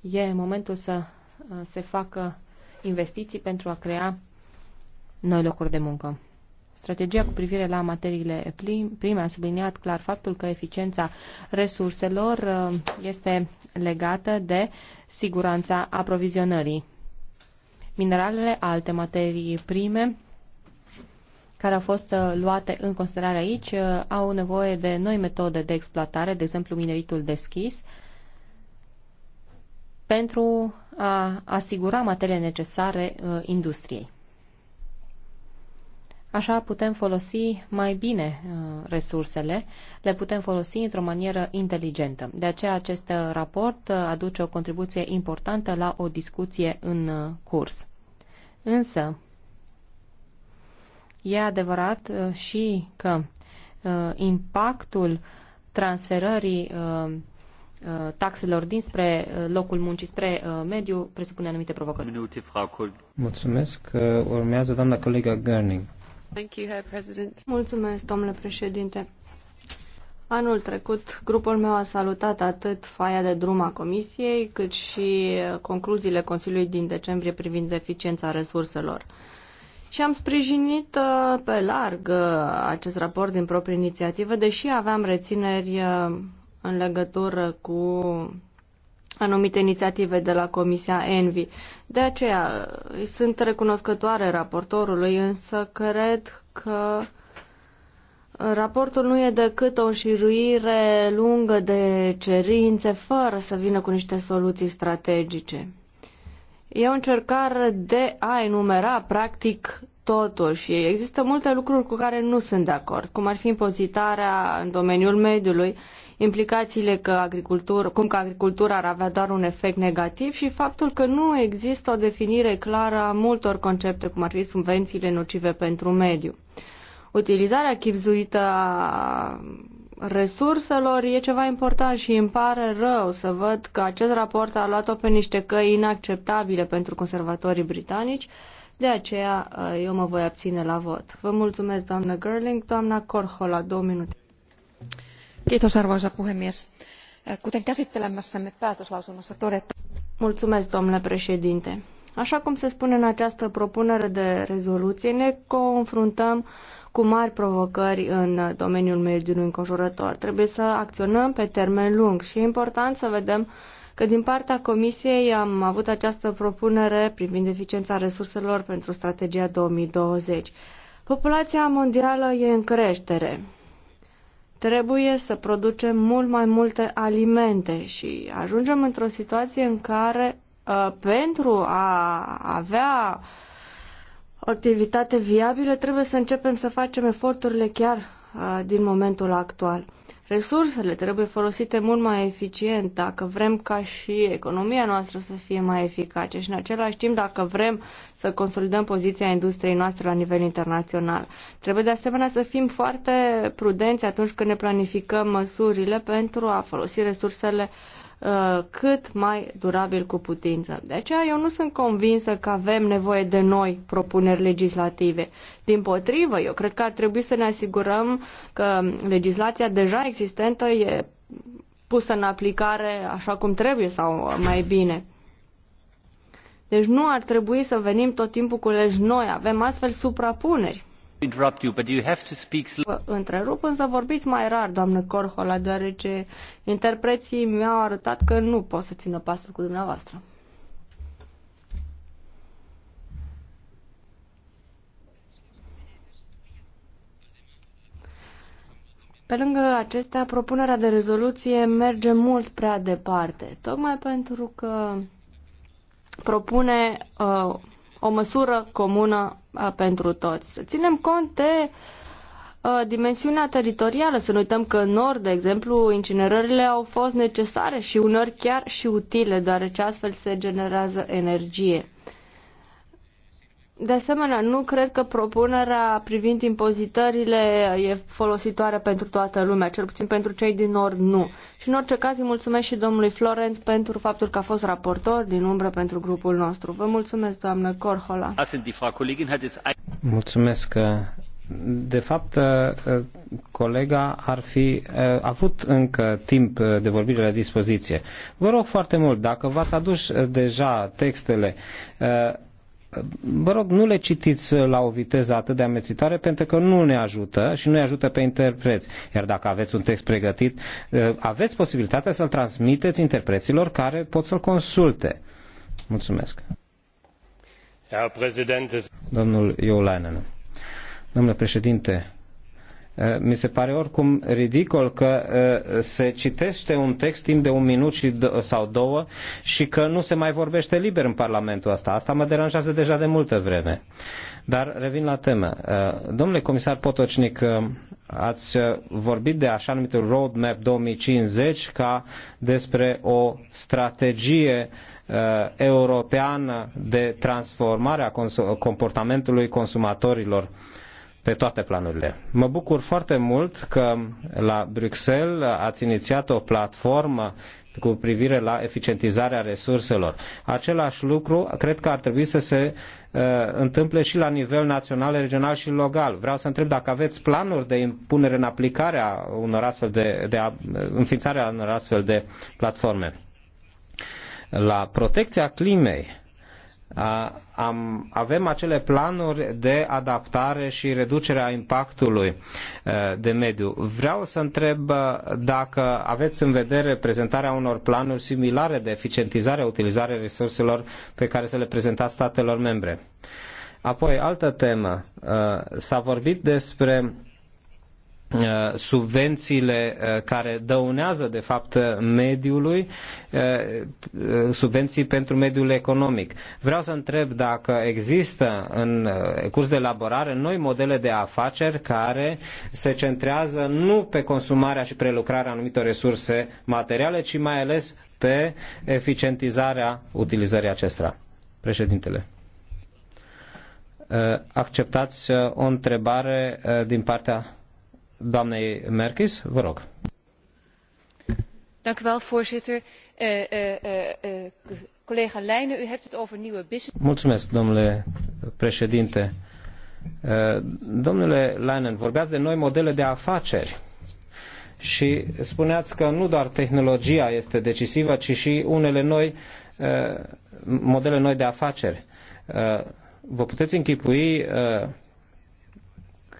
E momentul să uh, se facă investiții pentru a crea noi locuri de muncă. Strategia cu privire la materiile prime a subliniat clar faptul că eficiența resurselor uh, este legată de siguranța aprovizionării mineralele, alte materii prime care au fost uh, luate în considerare aici uh, au nevoie de noi metode de exploatare, de exemplu mineritul deschis, pentru a asigura materiile necesare uh, industriei. Așa putem folosi mai bine resursele, le putem folosi într-o manieră inteligentă. De aceea acest raport aduce o contribuție importantă la o discuție în curs. Însă, e adevărat uh, și că uh, impactul transferării uh, taxelor dinspre locul muncii spre mediu presupune anumite provocări. Mulțumesc. Urmează doamna colega Gerning. Mulțumesc, domnule președinte. Anul trecut, grupul meu a salutat atât faia de drum a Comisiei, cât și concluziile Consiliului din decembrie privind eficiența resurselor. Și am sprijinit uh, pe larg uh, acest raport din proprie inițiativă, deși aveam rețineri uh, în legătură cu anumite inițiative de la Comisia Envi. De aceea sunt recunoscătoare raportorului, însă cred că Raportul nu e decât o înșiruire lungă de cerințe, fără să vină cu niște soluții strategice. E o încercare de a enumera, practic, totul și există multe lucruri cu care nu sunt de acord, cum ar fi impozitarea în domeniul mediului, implicațiile că agricultura, cum că agricultura ar avea doar un efect negativ și faptul că nu există o definire clară a multor concepte, cum ar fi subvențiile nocive pentru mediu utilizarea chipzuită a resurselor e ceva important și îmi pare rău să văd că acest raport a luat-o pe niște căi inacceptabile pentru conservatorii britanici, de aceea uh, eu mă voi abține la vot. Vă mulțumesc, doamnă Gerling. Doamna Corhola, două minute. Kiitos, arvoisa puhemies. Äh, kuten käsittelemässämme päätöslausunnossa todetaan... Mulțumesc, domnule președinte. Așa cum se spune în această propunere de rezoluție, ne confruntăm cu mari provocări în domeniul mediului înconjurător. Trebuie să acționăm pe termen lung și e important să vedem că din partea Comisiei am avut această propunere privind eficiența resurselor pentru strategia 2020. Populația mondială e în creștere. Trebuie să producem mult mai multe alimente și ajungem într-o situație în care uh, pentru a avea uh, activitate viabilă, trebuie să începem să facem eforturile chiar din momentul actual. Resursele trebuie folosite mult mai eficient dacă vrem ca și economia noastră să fie mai eficace și în același timp dacă vrem să consolidăm poziția industriei noastre la nivel internațional. Trebuie de asemenea să fim foarte prudenți atunci când ne planificăm măsurile pentru a folosi resursele uh, Uh, cât mai durabil cu putință. De aceea eu nu sunt convinsă că avem nevoie de noi propuneri legislative. Din potrivă, eu cred că ar trebui să ne asigurăm că legislația deja existentă e pusă în aplicare așa cum trebuie sau mai bine. Deci nu ar trebui să venim tot timpul cu legi noi, avem astfel suprapuneri. Vă întrerup, însă vorbiți mai rar, doamnă Corhola, deoarece interpreții mi-au arătat că nu pot să țină pasul cu dumneavoastră. Pe lângă acestea, propunerea de rezoluție merge mult prea departe, tocmai pentru că propune uh, o măsură comună uh, pentru toți. Să ținem cont de uh, dimensiunea teritorială. Să nu uităm că în nord, de exemplu, incinerările au fost necesare și uneori chiar și utile, deoarece astfel se generează energie. De asemenea, nu cred că propunerea privind impozitările e folositoare pentru toată lumea, cel puțin pentru cei din nord nu. Și în orice caz îi mulțumesc și domnului Florenț pentru faptul că a fost raportor din umbră pentru grupul nostru. Vă mulțumesc, doamnă Corhola. Mulțumesc. De fapt, colega ar fi avut încă timp de vorbire la dispoziție. Vă rog foarte mult, dacă v-ați adus deja textele vă rog, nu le citiți la o viteză atât de amețitoare pentru că nu ne ajută și nu ne ajută pe interpreți. Iar dacă aveți un text pregătit, eh, aveți posibilitatea să-l transmiteți interpreților care pot să-l consulte. Mulțumesc. Domnul Iolainen. Domnule președinte, Eh, mi se pare oricum ridicol că eh, se citește un text timp de un minut sau două și că nu se mai vorbește liber în Parlamentul ăsta. Asta mă deranjează deja de multă vreme. Dar revin la temă. Eh, domnule comisar Potocnic, ați vorbit de așa numitul Roadmap 2050 ca despre o strategie europeană de transformare a comportamentului consumatorilor pe toate planurile. Mă bucur foarte mult că la Bruxelles ați inițiat o platformă cu privire la eficientizarea resurselor. Același lucru cred că ar trebui să se uh, întâmple și la nivel național, regional și local. Vreau să întreb dacă aveți planuri de impunere în aplicare a unor astfel de, de a, înființarea unor astfel de platforme. La protecția climei, a, am, avem acele planuri de adaptare și reducerea impactului eh, de mediu. Vreau să întreb eh, dacă aveți în vedere prezentarea unor planuri similare de eficientizare, utilizare resurselor pe care să le prezentați statelor membre. Apoi, altă temă. Eh, s-a vorbit despre Uh, subvențiile uh, care dăunează de fapt mediului, uh, subvenții pentru mediul economic. Vreau să întreb dacă există în curs de elaborare noi modele de afaceri care se centrează nu pe consumarea și prelucrarea anumitor resurse materiale, ci mai ales pe eficientizarea utilizării acestora. Președintele acceptați o întrebare din partea doamnei Merkis, vă rog. voorzitter. Eh, eh, eh, collega Leijnen, u hebt het over nieuwe business... Mulțumesc, domnule președinte. domnule Leinen, vorbeați de noi modele de afaceri și spuneați că nu doar tehnologia este decisivă, ci și unele noi modele noi de afaceri. Vă puteți închipui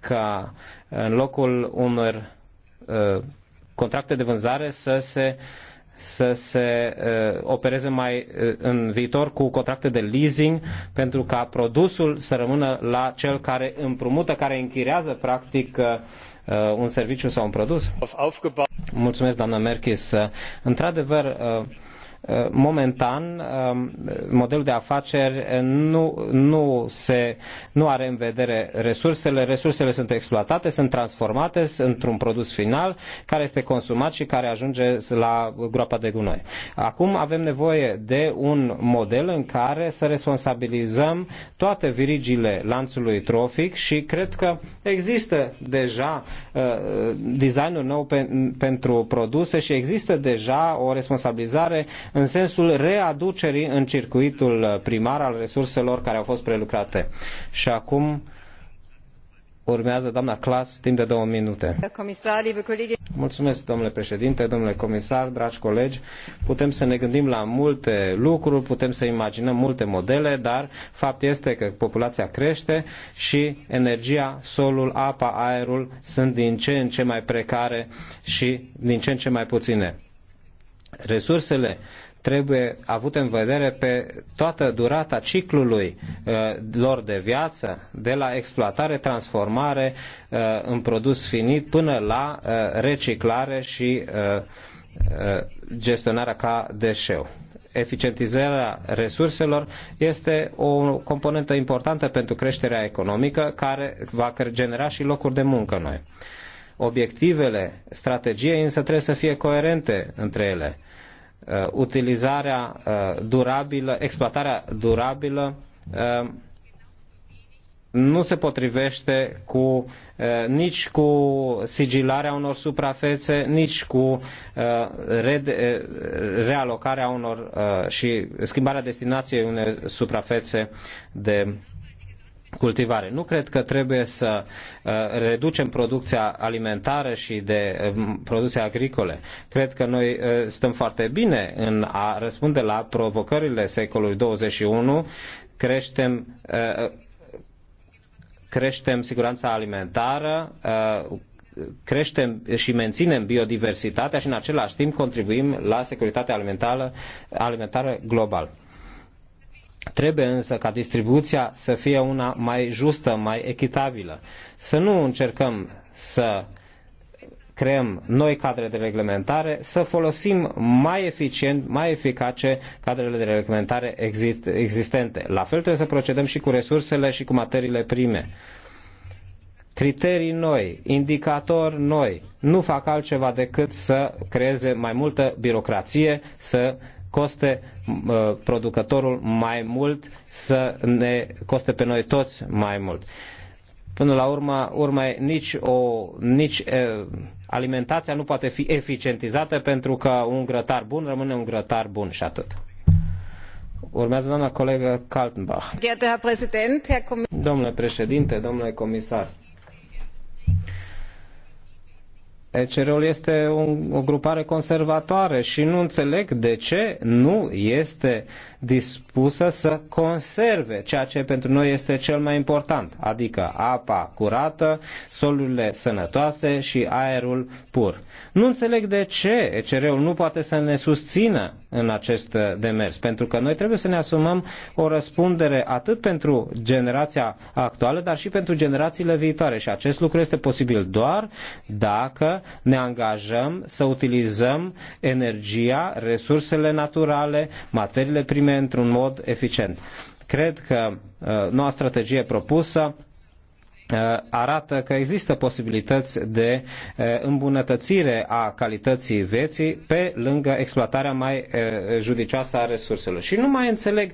ca în locul unor uh, contracte de vânzare să se să se uh, opereze mai uh, în viitor cu contracte de leasing pentru ca produsul să rămână la cel care împrumută, care închirează practic un serviciu sau un produs? Mulțumesc, doamna Merkis. Într-adevăr, momentan um, modelul de afaceri nu, nu, se, nu are în vedere resursele, resursele sunt exploatate, sunt transformate într-un produs final care este consumat și care ajunge la groapa de gunoi. Acum avem nevoie de un model în care să responsabilizăm toate virigile lanțului trofic și cred că există deja uh, designul nou pe, pentru produse și există deja o responsabilizare în în sensul readucerii în circuitul uh, primar al resurselor care au fost prelucrate. Și acum urmează doamna Clas timp de două minute. Mulțumesc, domnule președinte, domnule comisar, dragi colegi. Putem să ne gândim la multe lucruri, putem să imaginăm multe modele, dar fapt este că populația crește și energia, solul, apa, aerul sunt din ce în ce mai precare și din ce în ce mai puține. Resursele trebuie avut în vedere pe toată durata ciclului uh, lor de viață, de la exploatare, transformare uh, în produs finit până la uh, reciclare și uh, uh, gestionarea ca deșeu. Eficientizarea resurselor este o componentă importantă pentru creșterea economică care va genera și locuri de muncă noi. Obiectivele strategiei însă trebuie să fie coerente între ele Uh, utilizarea uh, durabilă, exploatarea durabilă uh, nu se potrivește cu, nici cu sigilarea unor suprafețe, nici cu realocarea unor și schimbarea destinației unei suprafețe de cultivare. Nu cred că trebuie să uh, reducem producția alimentară și de uh, produse agricole. Cred că noi uh, stăm foarte bine în a răspunde la provocările secolului 21, creștem creștem siguranța alimentară, creștem și menținem biodiversitatea și în același timp contribuim la securitatea alimentară, alimentară globală. Trebuie însă ca distribuția să fie una mai justă, mai echitabilă. Să nu încercăm să creăm noi cadre de reglementare, să folosim mai eficient, mai eficace cadrele de reglementare exist existente. La fel trebuie să procedăm și cu resursele și cu materiile prime. Criterii noi, indicatori noi, nu fac altceva decât să creeze mai multă birocrație, să coste uh, producătorul mai mult, să ne coste pe noi toți mai mult. Până la urmă, urmă nici, o, nici e, uh, alimentația nu poate fi eficientizată pentru că un grătar bun rămâne un grătar bun și atât. Urmează doamna colegă Kaltenbach. Domnule președinte, domnule comisar, ECR-ul este o, o grupare conservatoare și nu înțeleg de ce nu este dispusă să conserve ceea ce pentru noi este cel mai important, adică apa curată, solurile sănătoase și aerul pur. Nu înțeleg de ce ECR-ul nu poate să ne susțină în acest demers, pentru că noi trebuie să ne asumăm o răspundere atât pentru generația actuală, dar și pentru generațiile viitoare și acest lucru este posibil doar dacă ne angajăm să utilizăm energia, resursele naturale, materiile prime lume într-un mod eficient. Cred că uh, noua strategie propusă uh, arată că există posibilități de uh, îmbunătățire a calității vieții pe lângă exploatarea mai judicioasă a resurselor. Și nu mai înțeleg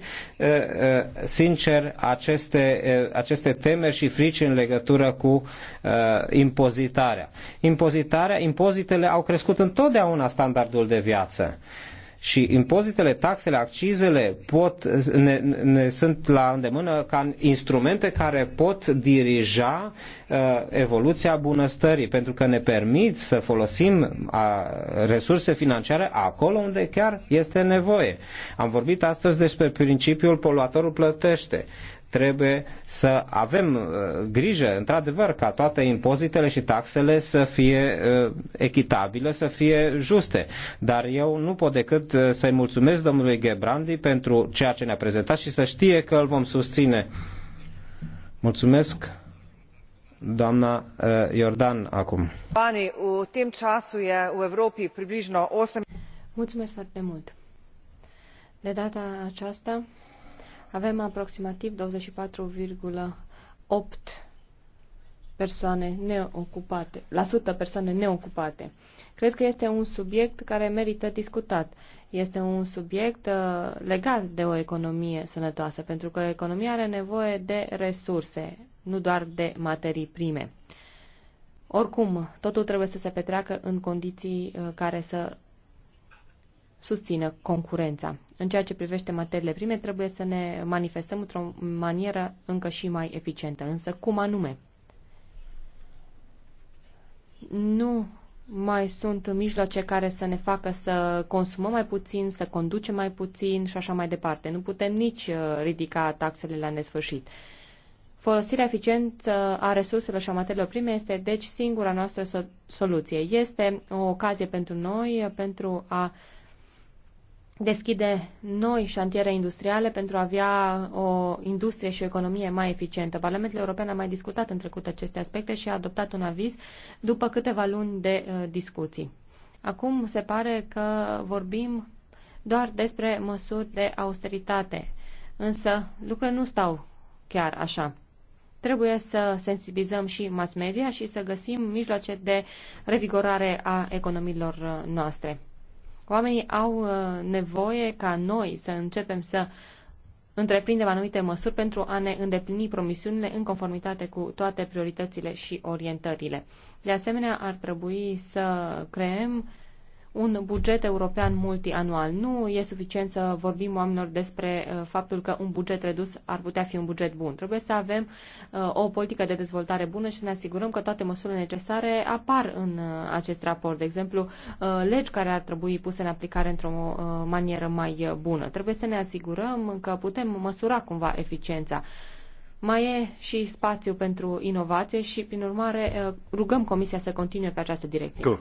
sincer aceste, aceste temeri și frici în legătură cu impozitarea. Impozitarea, impozitele au crescut întotdeauna standardul de viață și impozitele, taxele, accizele pot, ne, ne sunt la îndemână ca instrumente care pot dirija uh, evoluția bunăstării, pentru că ne permit să folosim uh, resurse financiare acolo unde chiar este nevoie. Am vorbit astăzi despre principiul poluatorul plătește. Trebuie să avem uh, grijă, într-adevăr, ca toate impozitele și taxele să fie uh, echitabile, să fie juste. Dar eu nu pot decât uh, să-i mulțumesc domnului Gebrandi pentru ceea ce ne-a prezentat și să știe că îl vom susține. Mulțumesc, doamna Jordan, acum. Banii, u timp ceasul e u Evropi približno 8... Mulțumesc foarte mult. De data aceasta, avem aproximativ 24,8 persoane neocupate, la sută persoane neocupate. Cred că este un subiect care merită discutat. Este un subiect uh, legat de o economie sănătoasă, pentru că economia are nevoie de resurse, nu doar de materii prime. Oricum, totul trebuie să se petreacă în condiții uh, care să susțină concurența. În ceea ce privește materiile prime, trebuie să ne manifestăm într-o manieră încă și mai eficientă. Însă, cum anume? Nu mai sunt mijloace care să ne facă să consumăm mai puțin, să conducem mai puțin și așa mai departe. Nu putem nici uh, ridica taxele la nesfârșit. Folosirea eficientă a resurselor și a materiilor prime este, deci, singura noastră soluție. Este o ocazie pentru noi uh, pentru a uh, deschide noi șantiere industriale pentru a avea o industrie și o economie mai eficientă. Parlamentul European a mai discutat în trecut aceste aspecte și a adoptat un aviz după câteva luni de uh, discuții. Acum se pare că vorbim doar despre măsuri de austeritate, însă lucrurile nu stau chiar așa. Trebuie să sensibilizăm și mass media și să găsim mijloace de revigorare a economiilor uh, noastre. Oamenii au uh, nevoie ca noi să începem să întreprindem anumite măsuri pentru a ne îndeplini promisiunile în conformitate cu toate prioritățile și orientările. De asemenea, ar trebui să creăm un buget european multianual. Nu e suficient să vorbim oamenilor despre uh, faptul că un buget redus ar putea fi un buget bun. Trebuie să avem uh, o politică de dezvoltare bună și să ne asigurăm că toate măsurile necesare apar în uh, acest raport. De exemplu, legi care ar trebui puse în aplicare într-o manieră mai bună. Trebuie să ne asigurăm că putem măsura cumva eficiența mai e și spațiu pentru inovație și, prin urmare, rugăm Comisia să continue pe această direcție. Cool.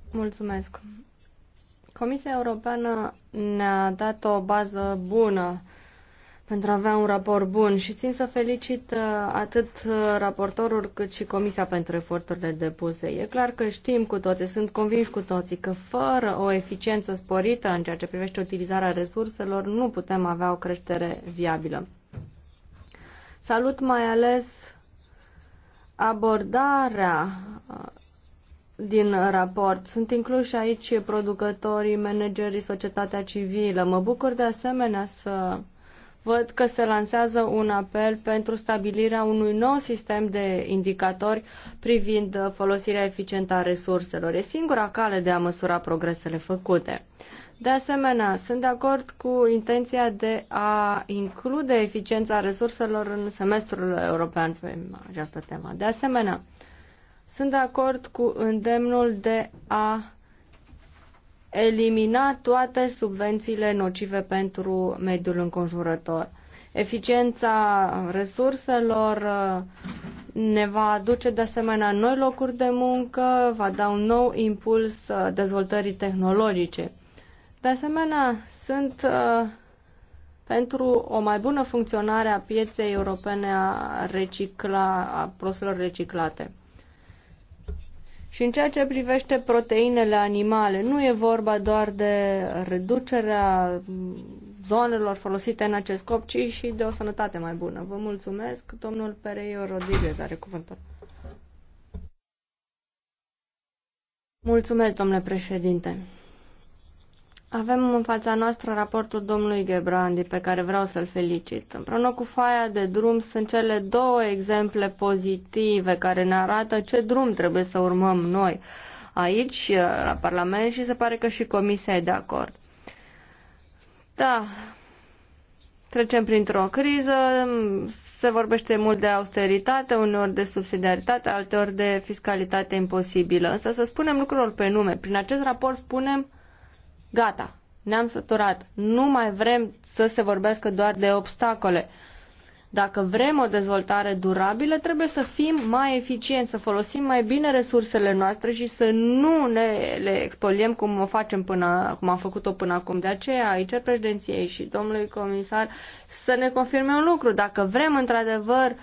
Mulțumesc. Comisia Europeană ne-a dat o bază bună pentru a avea un raport bun și țin să felicit uh, atât uh, raportorul cât și Comisia pentru eforturile depuse. E clar că știm cu toții, sunt convinși cu toții că fără o eficiență sporită în ceea ce privește utilizarea resurselor nu putem avea o creștere viabilă. Salut mai ales abordarea uh, din raport. Sunt incluși aici producătorii, managerii, societatea civilă. Mă bucur de asemenea să văd că se lansează un apel pentru stabilirea unui nou sistem de indicatori privind folosirea eficientă a resurselor. E singura cale de a măsura progresele făcute. De asemenea, sunt de acord cu intenția de a include eficiența resurselor în semestrul european pe această temă. De asemenea, sunt de acord cu îndemnul de a elimina toate subvențiile nocive pentru mediul înconjurător. Eficiența resurselor uh, ne va aduce de asemenea noi locuri de muncă, va da un nou impuls uh, dezvoltării tehnologice. De asemenea, sunt uh, pentru o mai bună funcționare a pieței europene a, recicla, a produselor reciclate. Și în ceea ce privește proteinele animale, nu e vorba doar de reducerea zonelor folosite în acest scop, ci și de o sănătate mai bună. Vă mulțumesc. Domnul Pereio Rodriguez are cuvântul. Mulțumesc, domnule președinte. Avem în fața noastră raportul domnului Gebrandi, pe care vreau să-l felicit. Împreună cu faia de drum sunt cele două exemple pozitive care ne arată ce drum trebuie să urmăm noi aici, uh, la Parlament, și se pare că și Comisia e de acord. Da, trecem printr-o criză, mm, se vorbește mult de austeritate, uneori de subsidiaritate, alteori de fiscalitate imposibilă. Însă să spunem lucrurilor pe nume. Prin acest raport spunem Gata, ne-am săturat. Nu mai vrem să se vorbească doar de obstacole. Dacă vrem o dezvoltare durabilă, trebuie să fim mai eficienți, să folosim mai bine resursele noastre și să nu ne le expoliem cum o facem până, cum am făcut-o până acum. De aceea îi cer președinției și domnului comisar să ne confirme un lucru. Dacă vrem într-adevăr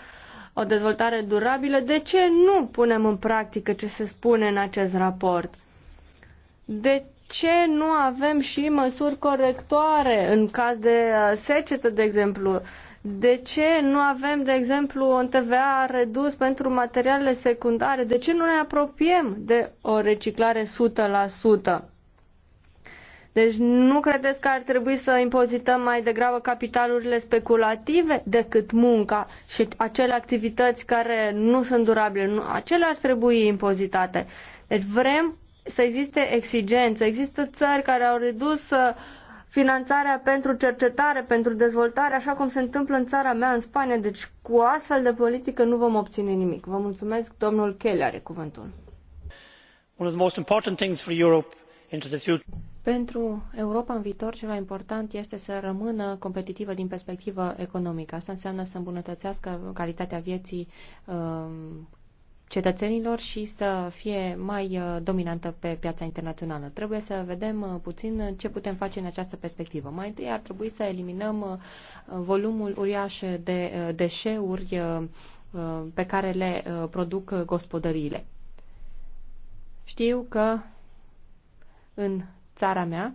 o dezvoltare durabilă, de ce nu punem în practică ce se spune în acest raport? De ce nu avem și măsuri corectoare în caz de uh, secetă, de exemplu? De ce nu avem, de exemplu, un TVA redus pentru materialele secundare? De ce nu ne apropiem de o reciclare 100%? Deci nu credeți că ar trebui să impozităm mai degrabă capitalurile speculative decât munca și acele activități care nu sunt durabile, nu, acele ar trebui impozitate. Deci vrem să existe exigențe. Există țări care au redus uh, finanțarea pentru cercetare, pentru dezvoltare, așa cum se întâmplă în țara mea, în Spania. Deci cu astfel de politică nu vom obține nimic. Vă mulțumesc. Domnul Kelly are cuvântul. One of the most important things for Europe into the future. Pentru Europa în viitor, cel mai important este să rămână competitivă din perspectivă economică. Asta înseamnă să îmbunătățească calitatea vieții um, cetățenilor și să fie mai uh, dominantă pe piața internațională. Trebuie să vedem uh, puțin ce putem face în această perspectivă. Mai întâi ar trebui să eliminăm uh, volumul uriaș de deșeuri pe care le produc gospodăriile. Știu că în țara mea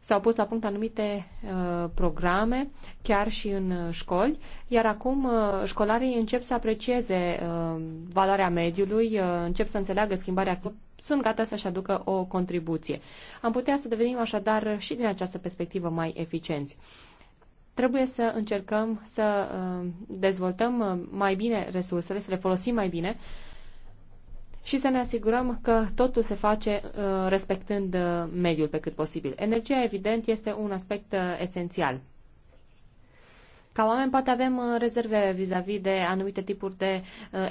S-au pus la punct anumite uh, programe, chiar și în uh, școli, iar acum uh, școlarii încep să aprecieze uh, valoarea mediului, uh, încep să înțeleagă schimbarea, sunt gata să-și aducă o contribuție. Am putea să devenim așadar și din această perspectivă mai eficienți trebuie să încercăm să uh, dezvoltăm uh, mai bine resursele, să le folosim mai bine și să ne asigurăm că totul se face uh, respectând uh, mediul pe cât posibil. Energia, evident, este un aspect uh, esențial. Ca oameni poate avem rezerve vis-a-vis -vis de anumite tipuri de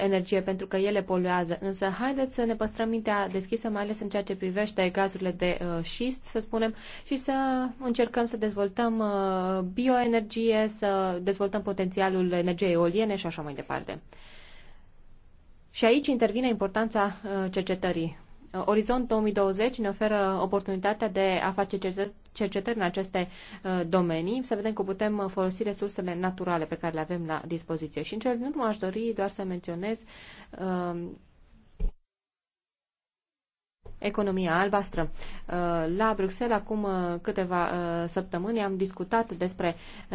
energie pentru că ele poluează, însă haideți să ne păstrăm mintea deschisă, mai ales în ceea ce privește gazurile de șist, să spunem, și să încercăm să dezvoltăm bioenergie, să dezvoltăm potențialul energiei eoliene și așa mai departe. Și aici intervine importanța uh, cercetării. Uh, Orizont 2020 ne oferă oportunitatea de a face cercetări în aceste uh, domenii, să vedem cum putem folosi resursele naturale pe care le avem la dispoziție. Și în cel din urmă aș dori doar să menționez economia albastră. La Bruxelles, acum câteva săptămâni, am discutat despre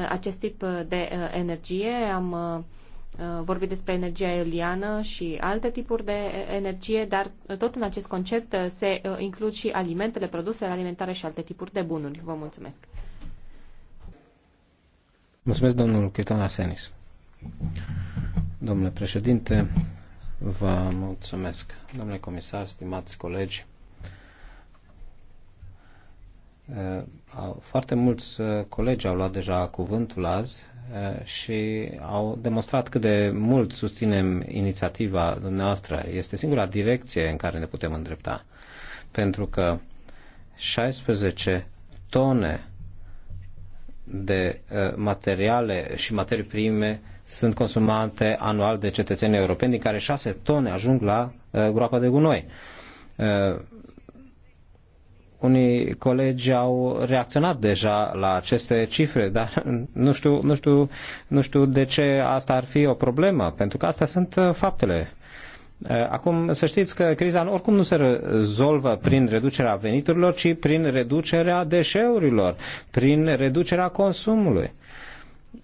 acest tip de energie, am Uh, vorbit despre energia eoliană și alte tipuri de energie, dar uh, tot în acest concept uh, se includ și alimentele, produsele alimentare și alte tipuri de bunuri. Vă mulțumesc. Mulțumesc, domnul Chetan Asenis. Domnule președinte, vă mulțumesc. Domnule comisar, stimați colegi, foarte mulți colegi au luat deja cuvântul azi Eh, și au demonstrat cât de mult susținem inițiativa dumneavoastră. Este singura direcție în care ne putem îndrepta. Pentru că 16 tone de eh, materiale și materii prime sunt consumate anual de cetățenii europeni, din care 6 tone ajung la eh, groapa de gunoi unii colegi au reacționat deja la aceste cifre, dar nu știu, nu, știu, nu știu de ce asta ar fi o problemă, pentru că astea sunt uh, faptele. Uh, acum, să știți că criza oricum nu se rezolvă prin reducerea veniturilor, ci prin reducerea deșeurilor, prin reducerea consumului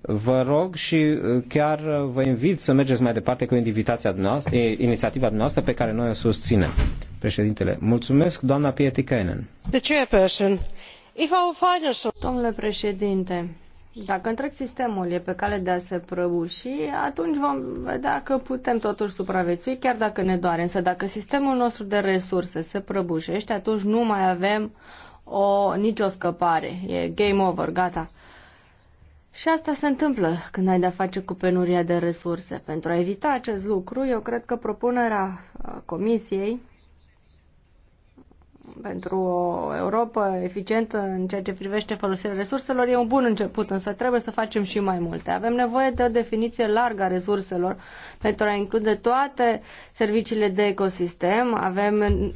vă rog și uh, chiar uh, vă invit să mergeți mai departe cu invitația dumneavoastră, inițiativa dumneavoastră pe care noi o susținem. Președintele, mulțumesc, doamna Pietikainen. The chairperson, if our financial... Domnule președinte, dacă întreg sistemul e pe cale de a se prăbuși, atunci vom vedea că putem totuși supraviețui, chiar dacă ne doare. Însă dacă sistemul nostru de resurse se prăbușește, atunci nu mai avem o, nicio scăpare. E game over, gata. Și asta se întâmplă când ai de-a face cu penuria de resurse. Pentru a evita acest lucru, eu cred că propunerea uh, Comisiei pentru o Europa eficientă în ceea ce privește folosirea resurselor e un bun început, însă trebuie să facem și mai multe. Avem nevoie de o definiție largă a resurselor pentru a include toate serviciile de ecosistem. Avem, uh,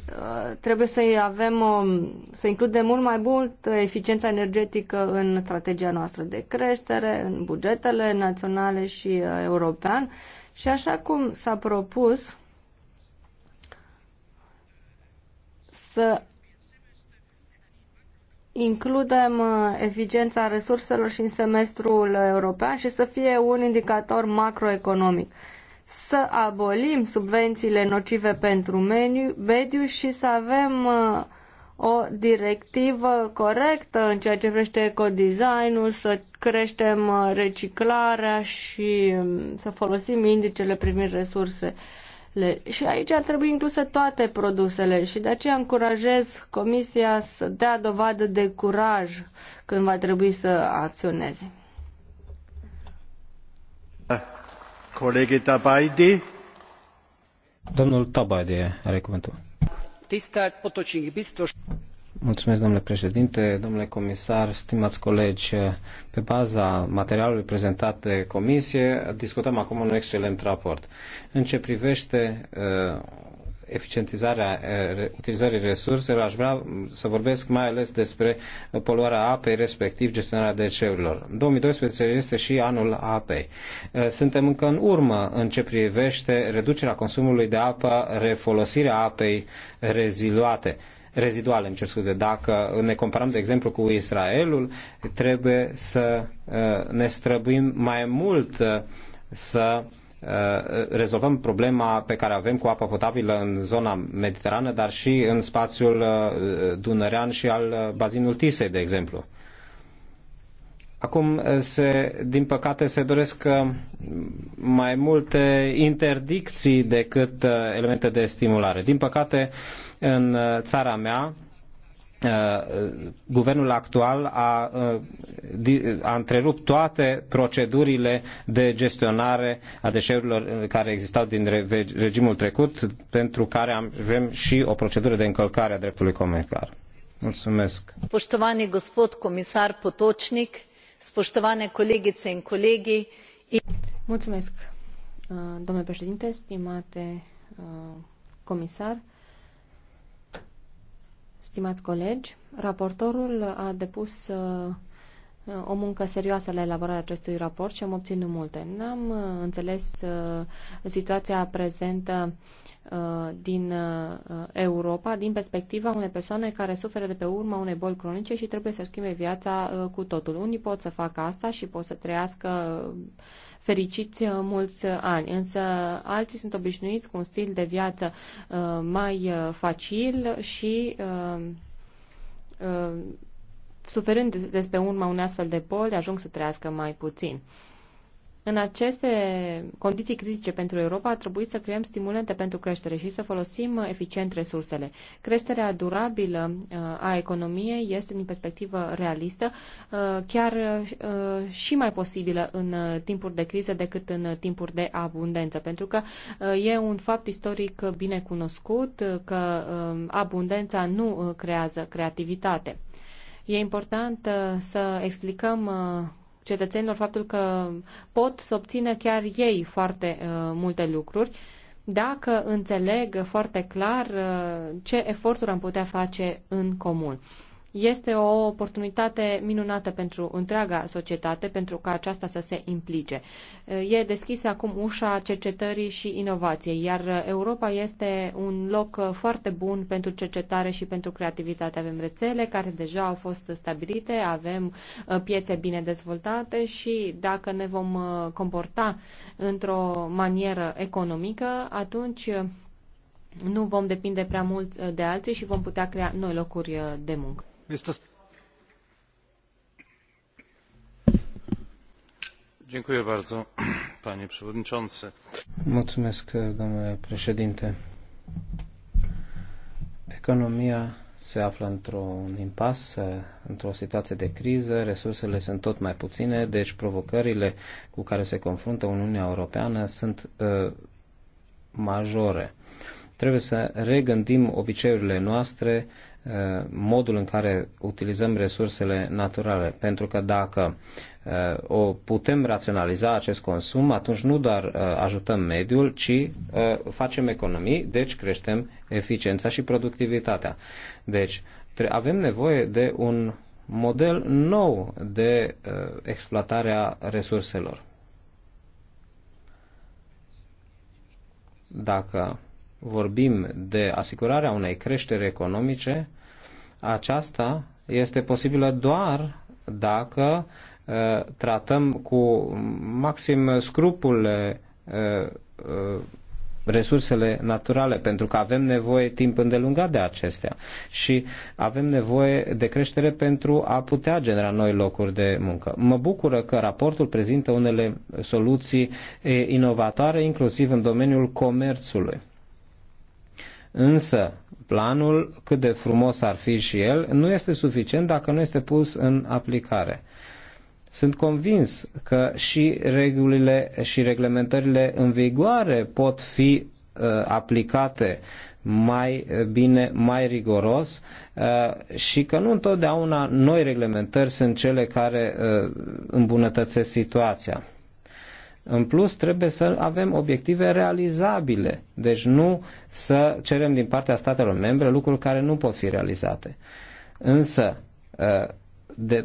trebuie să avem um, să includem mult mai mult eficiența energetică în strategia noastră de creștere, în bugetele naționale și uh, european. Și așa cum s-a propus, să includem uh, eficiența resurselor și în semestrul european și să fie un indicator macroeconomic. Să abolim subvențiile nocive pentru mediu, și să avem uh, o directivă corectă în ceea ce privește ecodesignul, să creștem uh, reciclarea și um, să folosim indicele privind resurse le. Și aici ar trebui incluse toate produsele și de aceea încurajez Comisia să dea dovadă de curaj când va trebui să acționeze. Ah, colegii Tabaidi. Domnul Tabaidi are cuvântul. Mulțumesc, domnule președinte, domnule comisar, stimați colegi. Pe baza materialului prezentat de comisie, discutăm acum un excelent raport. În ce privește uh, eficientizarea uh, utilizării resurselor, aș vrea să vorbesc mai ales despre poluarea apei, respectiv gestionarea deșeurilor. 2012 este și anul apei. Uh, suntem încă în urmă în ce privește reducerea consumului de apă, refolosirea apei reziluate reziduale, îmi cer scuze. Dacă ne comparăm, de exemplu, cu Israelul, trebuie să uh, ne străbuim mai mult uh, să uh, rezolvăm problema pe care avem cu apa potabilă în zona mediterană, dar și în spațiul dunărean și al bazinul Tisei, de exemplu. Acum, eh, se, din păcate, se doresc eh, mai multe interdicții decât eh, elemente de stimulare. Din păcate, în țara mea, guvernul actual a, a întrerupt toate procedurile de gestionare a deșeurilor care existau din regimul trecut, pentru care avem și o procedură de încălcare a dreptului comunitar. Mulțumesc. Poștovani gospod comisar Potocnic, spoštovane kolegice in kolegi. Mulțumesc, uh, domnule președinte, stimate uh, comisar, stimați colegi. Raportorul a depus uh, o muncă serioasă la elaborarea acestui raport și am obținut multe. N-am uh, înțeles uh, situația prezentă uh, din Europa din perspectiva unei persoane care suferă de pe urma unei boli cronice și trebuie să-și schimbe viața cu totul. Unii pot să facă asta și pot să trăiască fericiți mulți ani, însă alții sunt obișnuiți cu un stil de viață mai facil și suferând despre urma unei astfel de boli, ajung să trăiască mai puțin. În aceste condiții critice pentru Europa ar trebui să creăm stimulente pentru creștere și să folosim eficient resursele. Creșterea durabilă uh, a economiei este, din perspectivă realistă, uh, chiar uh, și mai posibilă în timpuri de criză decât în timpuri de abundență, pentru că e un fapt istoric bine cunoscut că abundența nu creează creativitate. E important uh, să explicăm uh, cetățenilor faptul că pot să obțină chiar ei foarte uh, multe lucruri dacă înțeleg foarte clar ce eforturi am putea face în comun. Este o oportunitate minunată pentru întreaga societate, pentru ca aceasta să se implice. E deschisă acum ușa cercetării și inovației, iar Europa este un loc foarte bun pentru cercetare și pentru creativitate. Avem rețele care deja au fost stabilite, avem uh, piețe bine dezvoltate și dacă ne vom uh, comporta într-o manieră economică, atunci uh, nu vom depinde prea mult de alții și vom putea crea noi locuri de muncă. Mulțumesc, domnule președinte. Economia se află într-un impas, într-o situație de criză, resursele sunt tot mai puține, deci provocările cu care se confruntă Uniunea Europeană sunt uh, majore. Trebuie să regândim obiceiurile noastre, Uh, modul în care utilizăm resursele naturale. Pentru că dacă uh, o putem raționaliza acest consum, atunci nu doar uh, ajutăm mediul, ci facem economii, deci creștem eficiența și productivitatea. Deci avem nevoie de un model nou de exploatarea resurselor. Dacă vorbim de asigurarea unei creșteri economice, aceasta este posibilă doar dacă uh, tratăm cu maxim scrupul uh, uh, resursele naturale, pentru că avem nevoie timp îndelungat de acestea și avem nevoie de creștere pentru a putea genera noi locuri de muncă. Mă bucură că raportul prezintă unele soluții eh, inovatoare, inclusiv în domeniul comerțului Însă, planul, cât de frumos ar fi și el, nu este suficient dacă nu este pus în aplicare. Sunt convins că și regulile și reglementările în vigoare pot fi uh, aplicate mai bine, mai rigoros uh, și că nu întotdeauna noi reglementări sunt cele care uh, îmbunătățesc situația. În plus, trebuie să avem obiective realizabile, deci nu să cerem din partea statelor membre lucruri care nu pot fi realizate. Însă, ă, de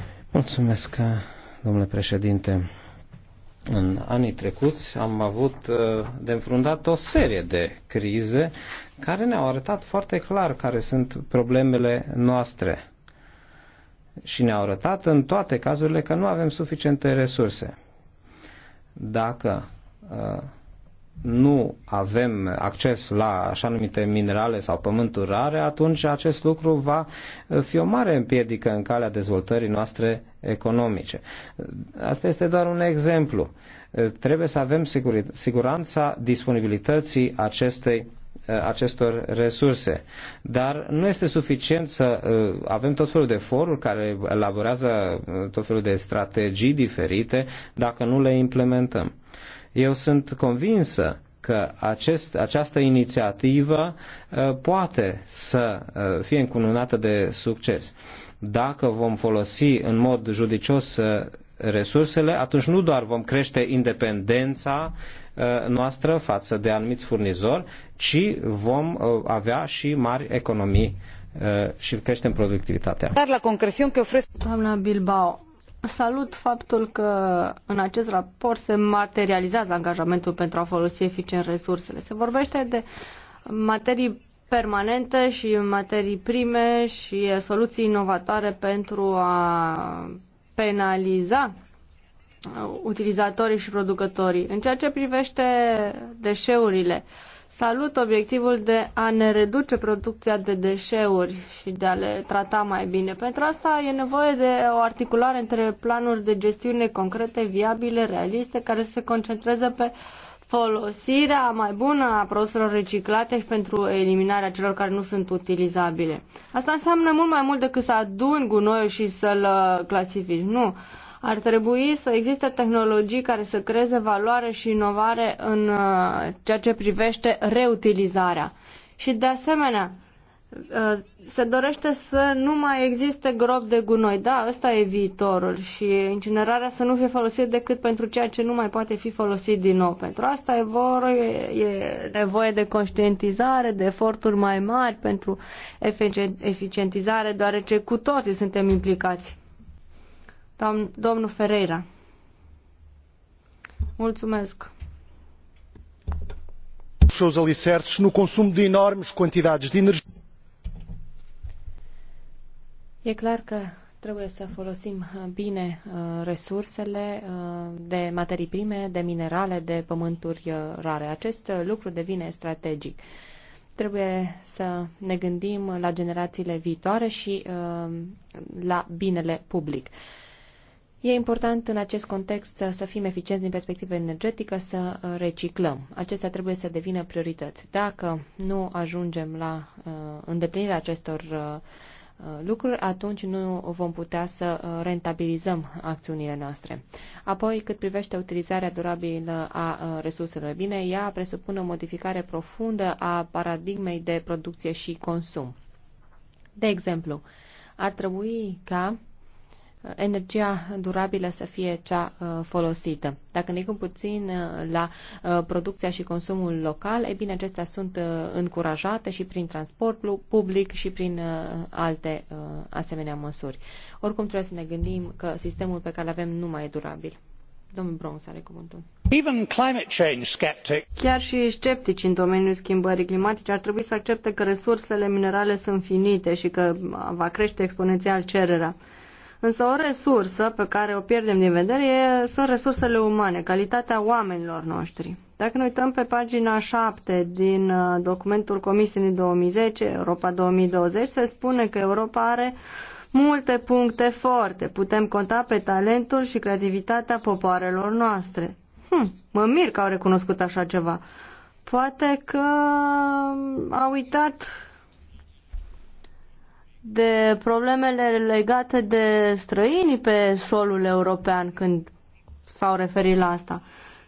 Mulțumesc, domnule președinte. În anii trecuți am avut uh, de înfruntat o serie de crize care ne-au arătat foarte clar care sunt problemele noastre și ne-au arătat în toate cazurile că nu avem suficiente resurse. Dacă uh, nu avem acces la așa numite minerale sau pământuri rare, atunci acest lucru va fi o mare împiedică în calea dezvoltării noastre economice. Asta este doar un exemplu. Trebuie să avem siguranța disponibilității acestei acestor resurse. Dar nu este suficient să uh, avem tot felul de foruri care elaborează uh, tot felul de strategii diferite dacă nu le implementăm. Eu sunt convinsă că acest, această inițiativă uh, poate să uh, fie încununată de succes. Dacă vom folosi în mod judicios uh, resursele, atunci nu doar vom crește independența noastră față de anumiți furnizori, ci vom avea și mari economii și creștem productivitatea. Dar la concrețion că ofresc... Doamna Bilbao, Salut faptul că în acest raport se materializează angajamentul pentru a folosi eficient resursele. Se vorbește de materii permanente și materii prime și soluții inovatoare pentru a penaliza utilizatorii și producătorii. În ceea ce privește deșeurile, uh, Salut obiectivul de a ne reduce producția de deșeuri și de a le trata mai bine. Pentru asta e nevoie de o articulare între planuri de gestiune concrete, viabile, realiste, care se concentreze pe folosirea mai bună a produselor reciclate și pentru eliminarea celor care nu sunt utilizabile. Asta înseamnă mult mai mult decât să adun gunoiul și să-l clasifici. Nu. Ar trebui să existe tehnologii care să creeze valoare și inovare în uh, ceea ce privește reutilizarea. Și de asemenea, uh, se dorește să nu mai existe gropi de gunoi. Da, ăsta e viitorul și incinerarea să nu fie folosită decât pentru ceea ce nu mai poate fi folosit din nou. Pentru asta e, vor, e nevoie de conștientizare, de eforturi mai mari pentru eficientizare, deoarece cu toții suntem implicați. Doamn, domnul Ferreira. Mulțumesc. Os seus alicerces no consumo de enormes quantidades de energia. E clar că trebuie să folosim uh, bine uh, resursele uh, de materii prime, de minerale, de pământuri rare. Acest lucru devine strategic. Trebuie să ne gândim la generațiile viitoare și la binele public. E important în acest context să fim eficienți din perspectivă energetică, să uh, reciclăm. Acestea trebuie să devină priorități. Dacă nu ajungem la uh, îndeplinirea acestor uh, lucruri, atunci nu vom putea să rentabilizăm acțiunile noastre. Apoi, cât privește utilizarea durabilă a resurselor, bine, ea presupune o modificare profundă a paradigmei de producție și consum. De exemplu, ar trebui ca energia durabilă să fie cea uh, folosită. Dacă ne gândim puțin uh, la uh, producția și consumul local, e bine, acestea sunt încurajate și prin transport public și prin alte asemenea măsuri. Oricum trebuie să ne gândim că sistemul pe care îl avem nu mai e durabil. Domnul Bronx are cuvântul. Even climate change skeptic. Chiar și sceptici în domeniul schimbării climatice ar trebui să accepte că resursele minerale sunt finite și că va crește exponențial cererea. Însă o resursă pe care o pierdem din vedere e, sunt resursele umane, calitatea oamenilor noștri. Dacă ne uităm pe pagina 7 din uh, documentul Comisiei din 2010, Europa 2020, se spune că Europa are multe puncte forte. Putem conta pe talentul și creativitatea popoarelor noastre. Hm, mă mir că au recunoscut așa ceva. Poate că uh, au uitat de problemele legate de străinii pe solul european când s-au referit la asta.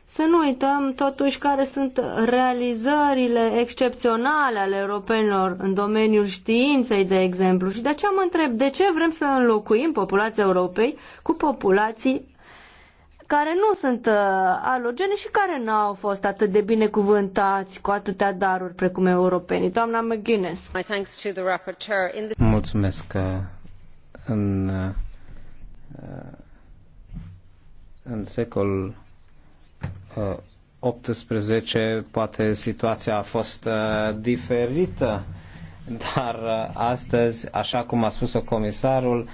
Să nu uităm totuși care sunt realizările excepționale ale europenilor în domeniul științei, de exemplu. Și de aceea mă întreb, de ce vrem să înlocuim populația Europei cu populații care nu sunt uh, alogene și care nu au fost atât de binecuvântați cu atâtea daruri precum europenii. Doamna McGuinness. Mulțumesc că uh, în, uh, în secolul 18 uh, poate situația a fost diferită, dar astăzi, așa cum a spus-o comisarul,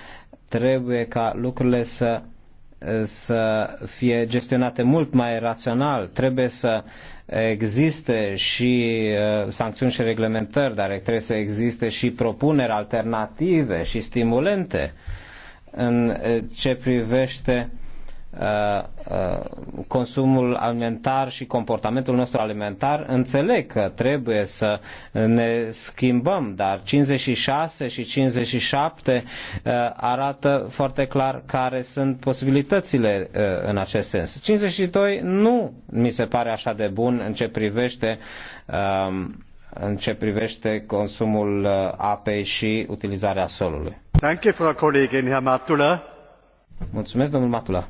trebuie ca lucrurile să să fie gestionate mult mai rațional, trebuie să existe și uh, sancțiuni și reglementări, dar trebuie să existe și propuneri alternative și stimulente în uh, ce privește Uh, uh, consumul alimentar și comportamentul nostru alimentar, înțeleg că trebuie să ne schimbăm, dar 56 și 57 uh, arată foarte clar care sunt posibilitățile în acest sens. 52 nu mi se pare așa de bun în ce privește um, în ce privește consumul apei și utilizarea solului. Mulțumesc, domnul Matula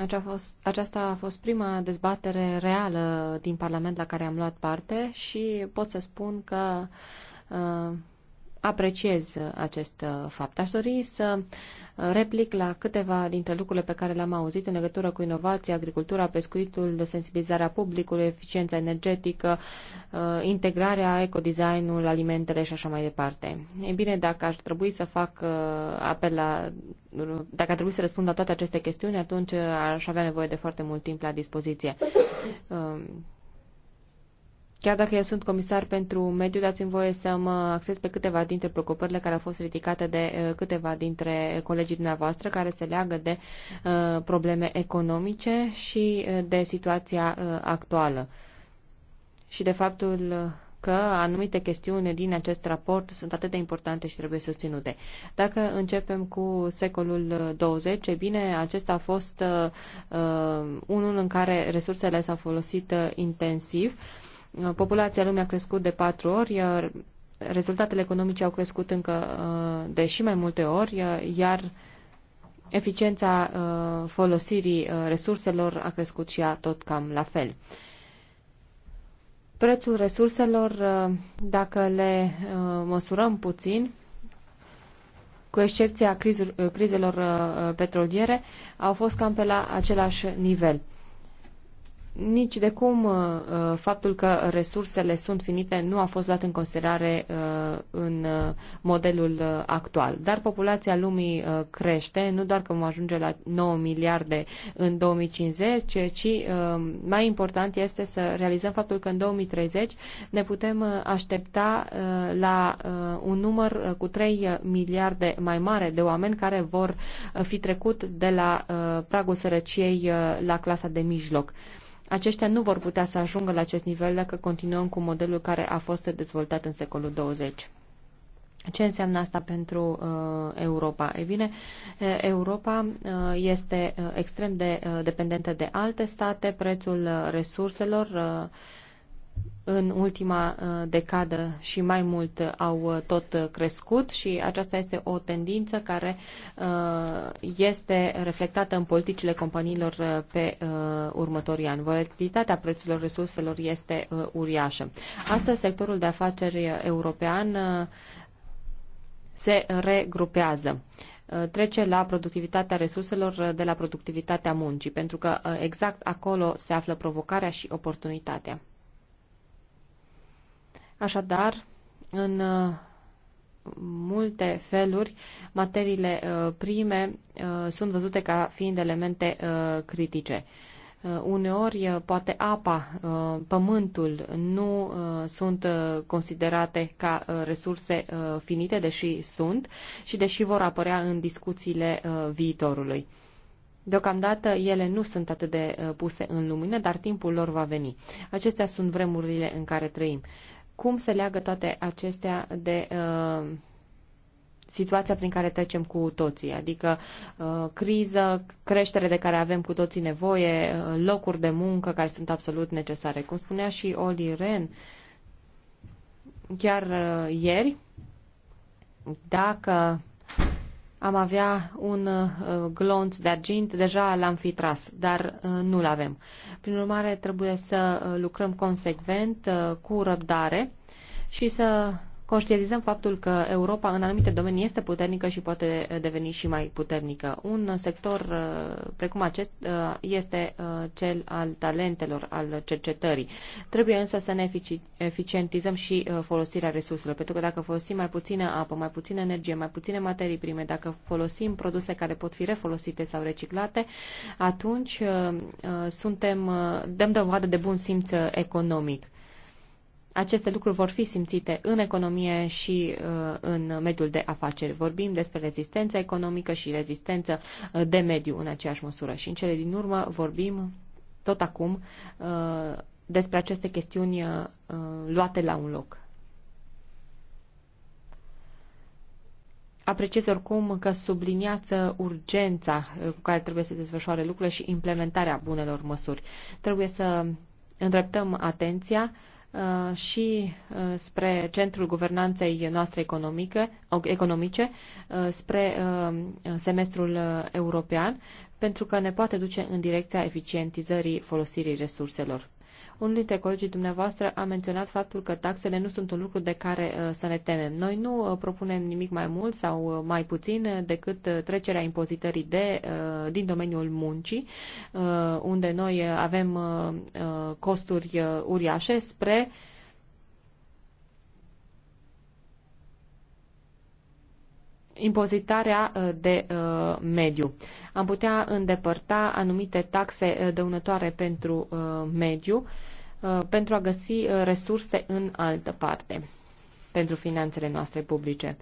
acea fost, aceasta a fost prima dezbatere reală din Parlament la care am luat parte și pot să spun că uh, apreciez acest fapt. Aș dori să replic la câteva dintre lucrurile pe care le-am auzit în legătură cu inovația, agricultura, pescuitul, sensibilizarea publicului, eficiența energetică, uh, integrarea, ecodesignul, alimentele și așa mai departe. E bine, dacă ar trebui să fac uh, apel la dacă ar trebui să răspund la toate aceste chestiuni, atunci uh, aș avea nevoie de foarte mult timp la dispoziție. Chiar dacă eu sunt comisar pentru mediu, dați-mi voie să mă acces pe câteva dintre preocupările care au fost ridicate de uh, câteva dintre colegii dumneavoastră, care se leagă de uh, probleme economice și uh, de situația actuală. Și de faptul că anumite chestiuni din acest raport sunt atât de importante și trebuie susținute. Dacă începem cu secolul 20, e bine, acesta a fost uh, unul în care resursele s-au folosit uh, intensiv. Uh, populația lumii a crescut de patru ori, iar rezultatele economice au crescut încă uh, de și mai multe ori, uh, iar eficiența uh, folosirii resurselor a crescut și ea tot cam la fel. Prețul resurselor, dacă le măsurăm puțin, cu excepția crizelor petroliere, au fost cam pe la același nivel. Nici de cum uh, uh, faptul că resursele sunt finite nu a fost luat în considerare uh, în modelul actual. Dar populația lumii crește, nu doar că vom ajunge la 9 miliarde în 2050, ci mai important este să realizăm faptul că în 2030 ne putem aștepta la un număr cu 3 miliarde mai mare de oameni care vor fi trecut de la pragul sărăciei la clasa de mijloc. Aceștia nu vor putea să ajungă la acest nivel dacă continuăm cu modelul care a fost dezvoltat în secolul 20. Ce înseamnă asta pentru uh, Europa? E bine, uh, Europa uh, este uh, extrem de uh, dependentă de alte state, prețul uh, resurselor uh, în ultima uh, decadă și mai mult uh, au uh, tot crescut și aceasta este o tendință care este reflectată în politicile companiilor pe următorii ani. Volatilitatea prețurilor resurselor este uriașă. Astăzi, sectorul de afaceri european se regrupează trece la productivitatea resurselor de la productivitatea muncii, pentru că exact acolo se află provocarea și oportunitatea. Așadar, în uh, multe feluri, materiile uh, prime uh, sunt văzute ca fiind elemente critice. Uneori, poate apa, pământul nu sunt considerate ca resurse finite, deși sunt și deși vor apărea în discuțiile viitorului. Deocamdată ele nu sunt atât de puse în lumină, dar timpul lor va veni. Acestea sunt vremurile în care trăim. Cum se leagă toate acestea de uh, situația prin care trecem cu toții, adică uh, criză, creștere de care avem cu toții nevoie, uh, locuri de muncă care sunt absolut necesare. Cum spunea și Oli Ren, chiar uh, ieri, dacă am avea un uh, glonț de argint, deja l-am fi tras, dar uh, nu-l avem. Prin urmare, trebuie să uh, lucrăm consecvent, cu răbdare și să conștientizăm faptul că Europa în anumite domenii este puternică și poate uh, deveni și mai puternică. Un uh, sector uh, precum acest este cel al talentelor, al cercetării. Trebuie însă să ne eficientizăm și folosirea resurselor, pentru că dacă folosim mai puțină apă, mai puțină energie, mai puține materii prime, dacă folosim produse care pot fi refolosite sau reciclate, atunci suntem, dăm dovadă de bun simț economic. Aceste lucruri vor fi simțite în economie și uh, în mediul de afaceri. Vorbim despre rezistență economică și rezistență uh, de mediu în aceeași măsură. Și în cele din urmă vorbim tot acum uh, despre aceste chestiuni luate la un loc. Apreciez oricum că subliniață urgența cu care trebuie să desfășoare lucrurile și implementarea bunelor măsuri. Trebuie să îndreptăm atenția uh, Uh, și uh, spre centrul guvernanței noastre economice, economice uh, spre semestrul european, pentru că ne poate duce în direcția eficientizării folosirii resurselor. Unul dintre colegii dumneavoastră a menționat faptul că taxele nu sunt un lucru de care uh, să ne temem. Noi nu uh, propunem nimic mai mult sau uh, mai puțin decât trecerea impozitării de, din domeniul muncii, unde noi avem costuri uriașe, spre uh, impozitarea uh, de uh, mediu. Am putea îndepărta anumite taxe uh, dăunătoare pentru mediu pentru a găsi resurse în altă parte pentru finanțele noastre publice.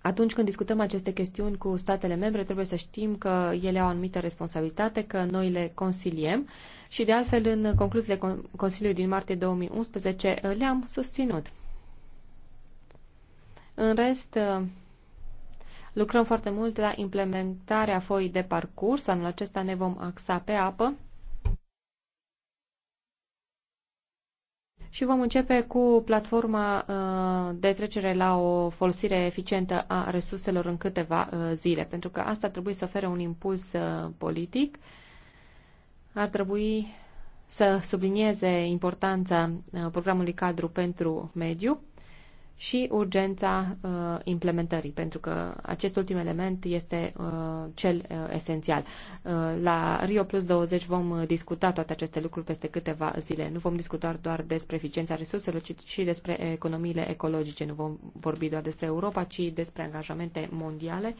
Atunci când discutăm aceste chestiuni cu statele membre, trebuie să știm că ele au anumită responsabilitate, că noi le consiliem și, de altfel, în concluziile Consiliului din martie 2011 le-am susținut. În rest, lucrăm foarte mult la implementarea foii de parcurs. Anul acesta ne vom axa pe apă. Și vom începe cu platforma uh, de trecere la o folosire eficientă a resurselor în câteva uh, zile, pentru că asta trebuie să ofere un impuls uh, politic. Ar trebui să sublinieze importanța programului cadru pentru mediu și urgența uh, implementării, pentru că acest ultim element este uh, cel uh, esențial. Uh, la Rio Plus 20 vom uh, discuta toate aceste lucruri peste câteva zile. Nu vom discuta doar despre eficiența resurselor, ci și despre economiile ecologice. Nu vom vorbi doar despre Europa, ci despre angajamente mondiale,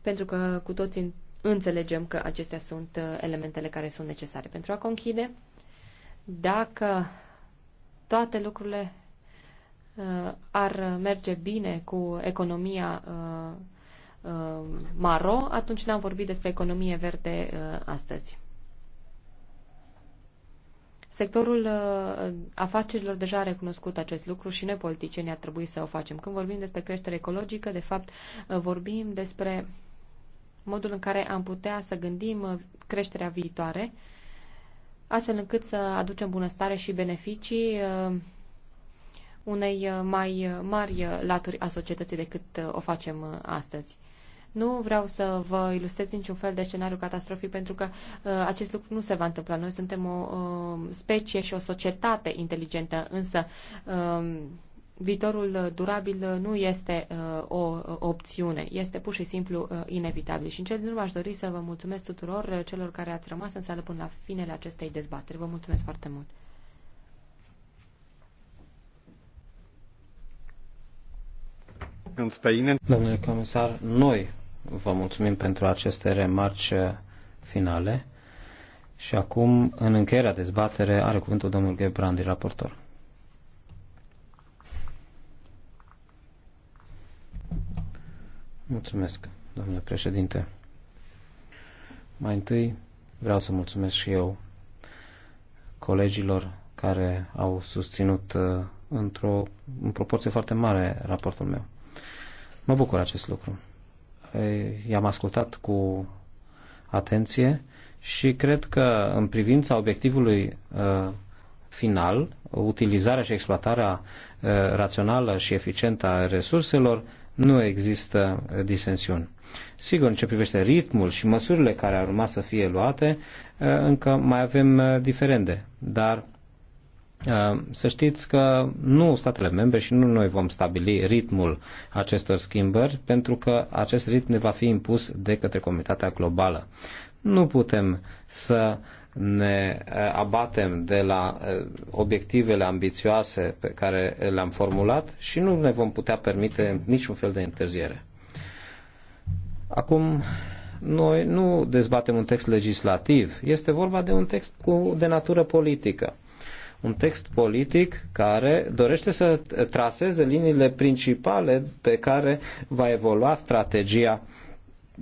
pentru că cu toții înțelegem că acestea sunt uh, elementele care sunt necesare. Pentru a conchide, dacă toate lucrurile Uh, ar merge bine cu economia uh, uh, maro, atunci n-am vorbit despre economie verde astăzi. Sectorul afacerilor deja a recunoscut acest lucru și noi politicienii ar trebui să o facem. Când vorbim despre creștere ecologică, de fapt vorbim despre modul în care am putea să gândim creșterea viitoare, astfel încât să aducem bunăstare și beneficii unei uh, mai uh, mari uh, laturi a societății decât o facem astăzi. Nu vreau să vă ilustrez niciun fel de scenariu catastrofic pentru că uh, acest lucru nu se va întâmpla. Noi suntem o uh, specie și o societate inteligentă, însă uh, viitorul durabil nu este uh, o opțiune, este pur și simplu uh, inevitabil. Și în cel din urmă aș dori să vă mulțumesc tuturor celor care ați rămas în sală până la finele acestei dezbateri. Vă mulțumesc foarte mult! Domnule comisar, noi vă mulțumim pentru aceste remarci finale și acum, în încheierea dezbatere, are cuvântul domnul Gebrandi, raportor. Mulțumesc, domnule președinte. Mai întâi vreau să mulțumesc și eu colegilor care au susținut uh, într-o în proporție foarte mare raportul meu. Mă bucur acest lucru. I-am ascultat cu atenție și cred că în privința obiectivului final, utilizarea și exploatarea rațională și eficientă a resurselor, nu există disensiuni. Sigur, în ce privește ritmul și măsurile care ar urma să fie luate, încă mai avem diferende, dar Uh, să știți că nu statele membre și nu noi vom stabili ritmul acestor schimbări, pentru că acest ritm ne va fi impus de către comunitatea globală. Nu putem să ne uh, abatem de la uh, obiectivele ambițioase pe care le-am formulat și nu ne vom putea permite niciun fel de întârziere. Acum, noi nu dezbatem un text legislativ, este vorba de un text cu, de natură politică un text politic care dorește să traseze liniile principale pe care va evolua strategia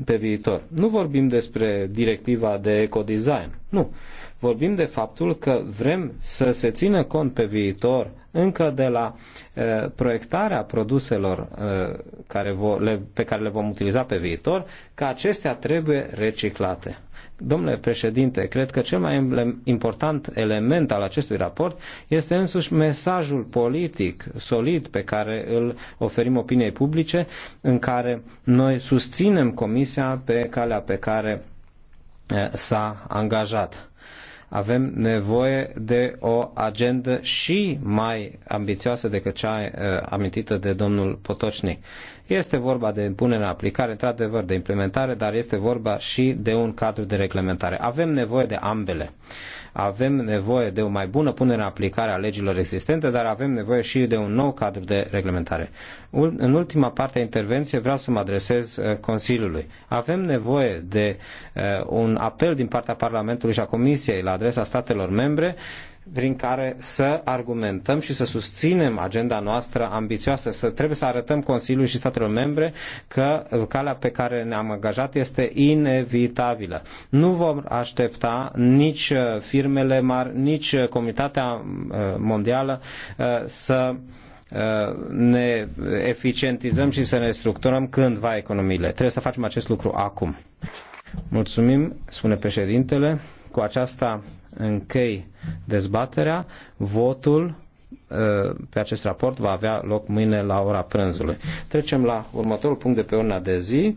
pe viitor. Nu vorbim despre directiva de ecodesign, nu. Vorbim de faptul că vrem să se țină cont pe viitor încă de la uh, proiectarea produselor uh, care vo, le, pe care le vom utiliza pe viitor, că acestea trebuie reciclate. Domnule președinte, cred că cel mai important element al acestui raport este însuși mesajul politic solid pe care îl oferim opiniei publice, în care noi susținem Comisia pe calea pe care eh, s-a angajat. Avem nevoie de o agendă și mai ambițioasă decât cea eh, amintită de domnul Potocnic. Este vorba de punere în aplicare, într-adevăr, de implementare, dar este vorba și de un cadru de reglementare. Avem nevoie de ambele. Avem nevoie de o mai bună punere în aplicare a legilor existente, dar avem nevoie și de un nou cadru de reglementare. În ultima parte a intervenției vreau să mă adresez uh, Consiliului. Avem nevoie de uh, un apel din partea Parlamentului și a Comisiei la adresa statelor membre prin care să argumentăm și să susținem agenda noastră ambițioasă, să trebuie să arătăm Consiliului și statelor membre că calea pe care ne-am angajat este inevitabilă. Nu vom aștepta nici uh, firmele mari, nici uh, comunitatea uh, mondială să ne eficientizăm și să ne structurăm cândva economiile. Trebuie să facem acest lucru acum. Mulțumim, spune președintele. Cu aceasta închei dezbaterea. Votul uh, pe acest raport va avea loc mâine la ora prânzului. Trecem la următorul punct de pe ordinea de zi.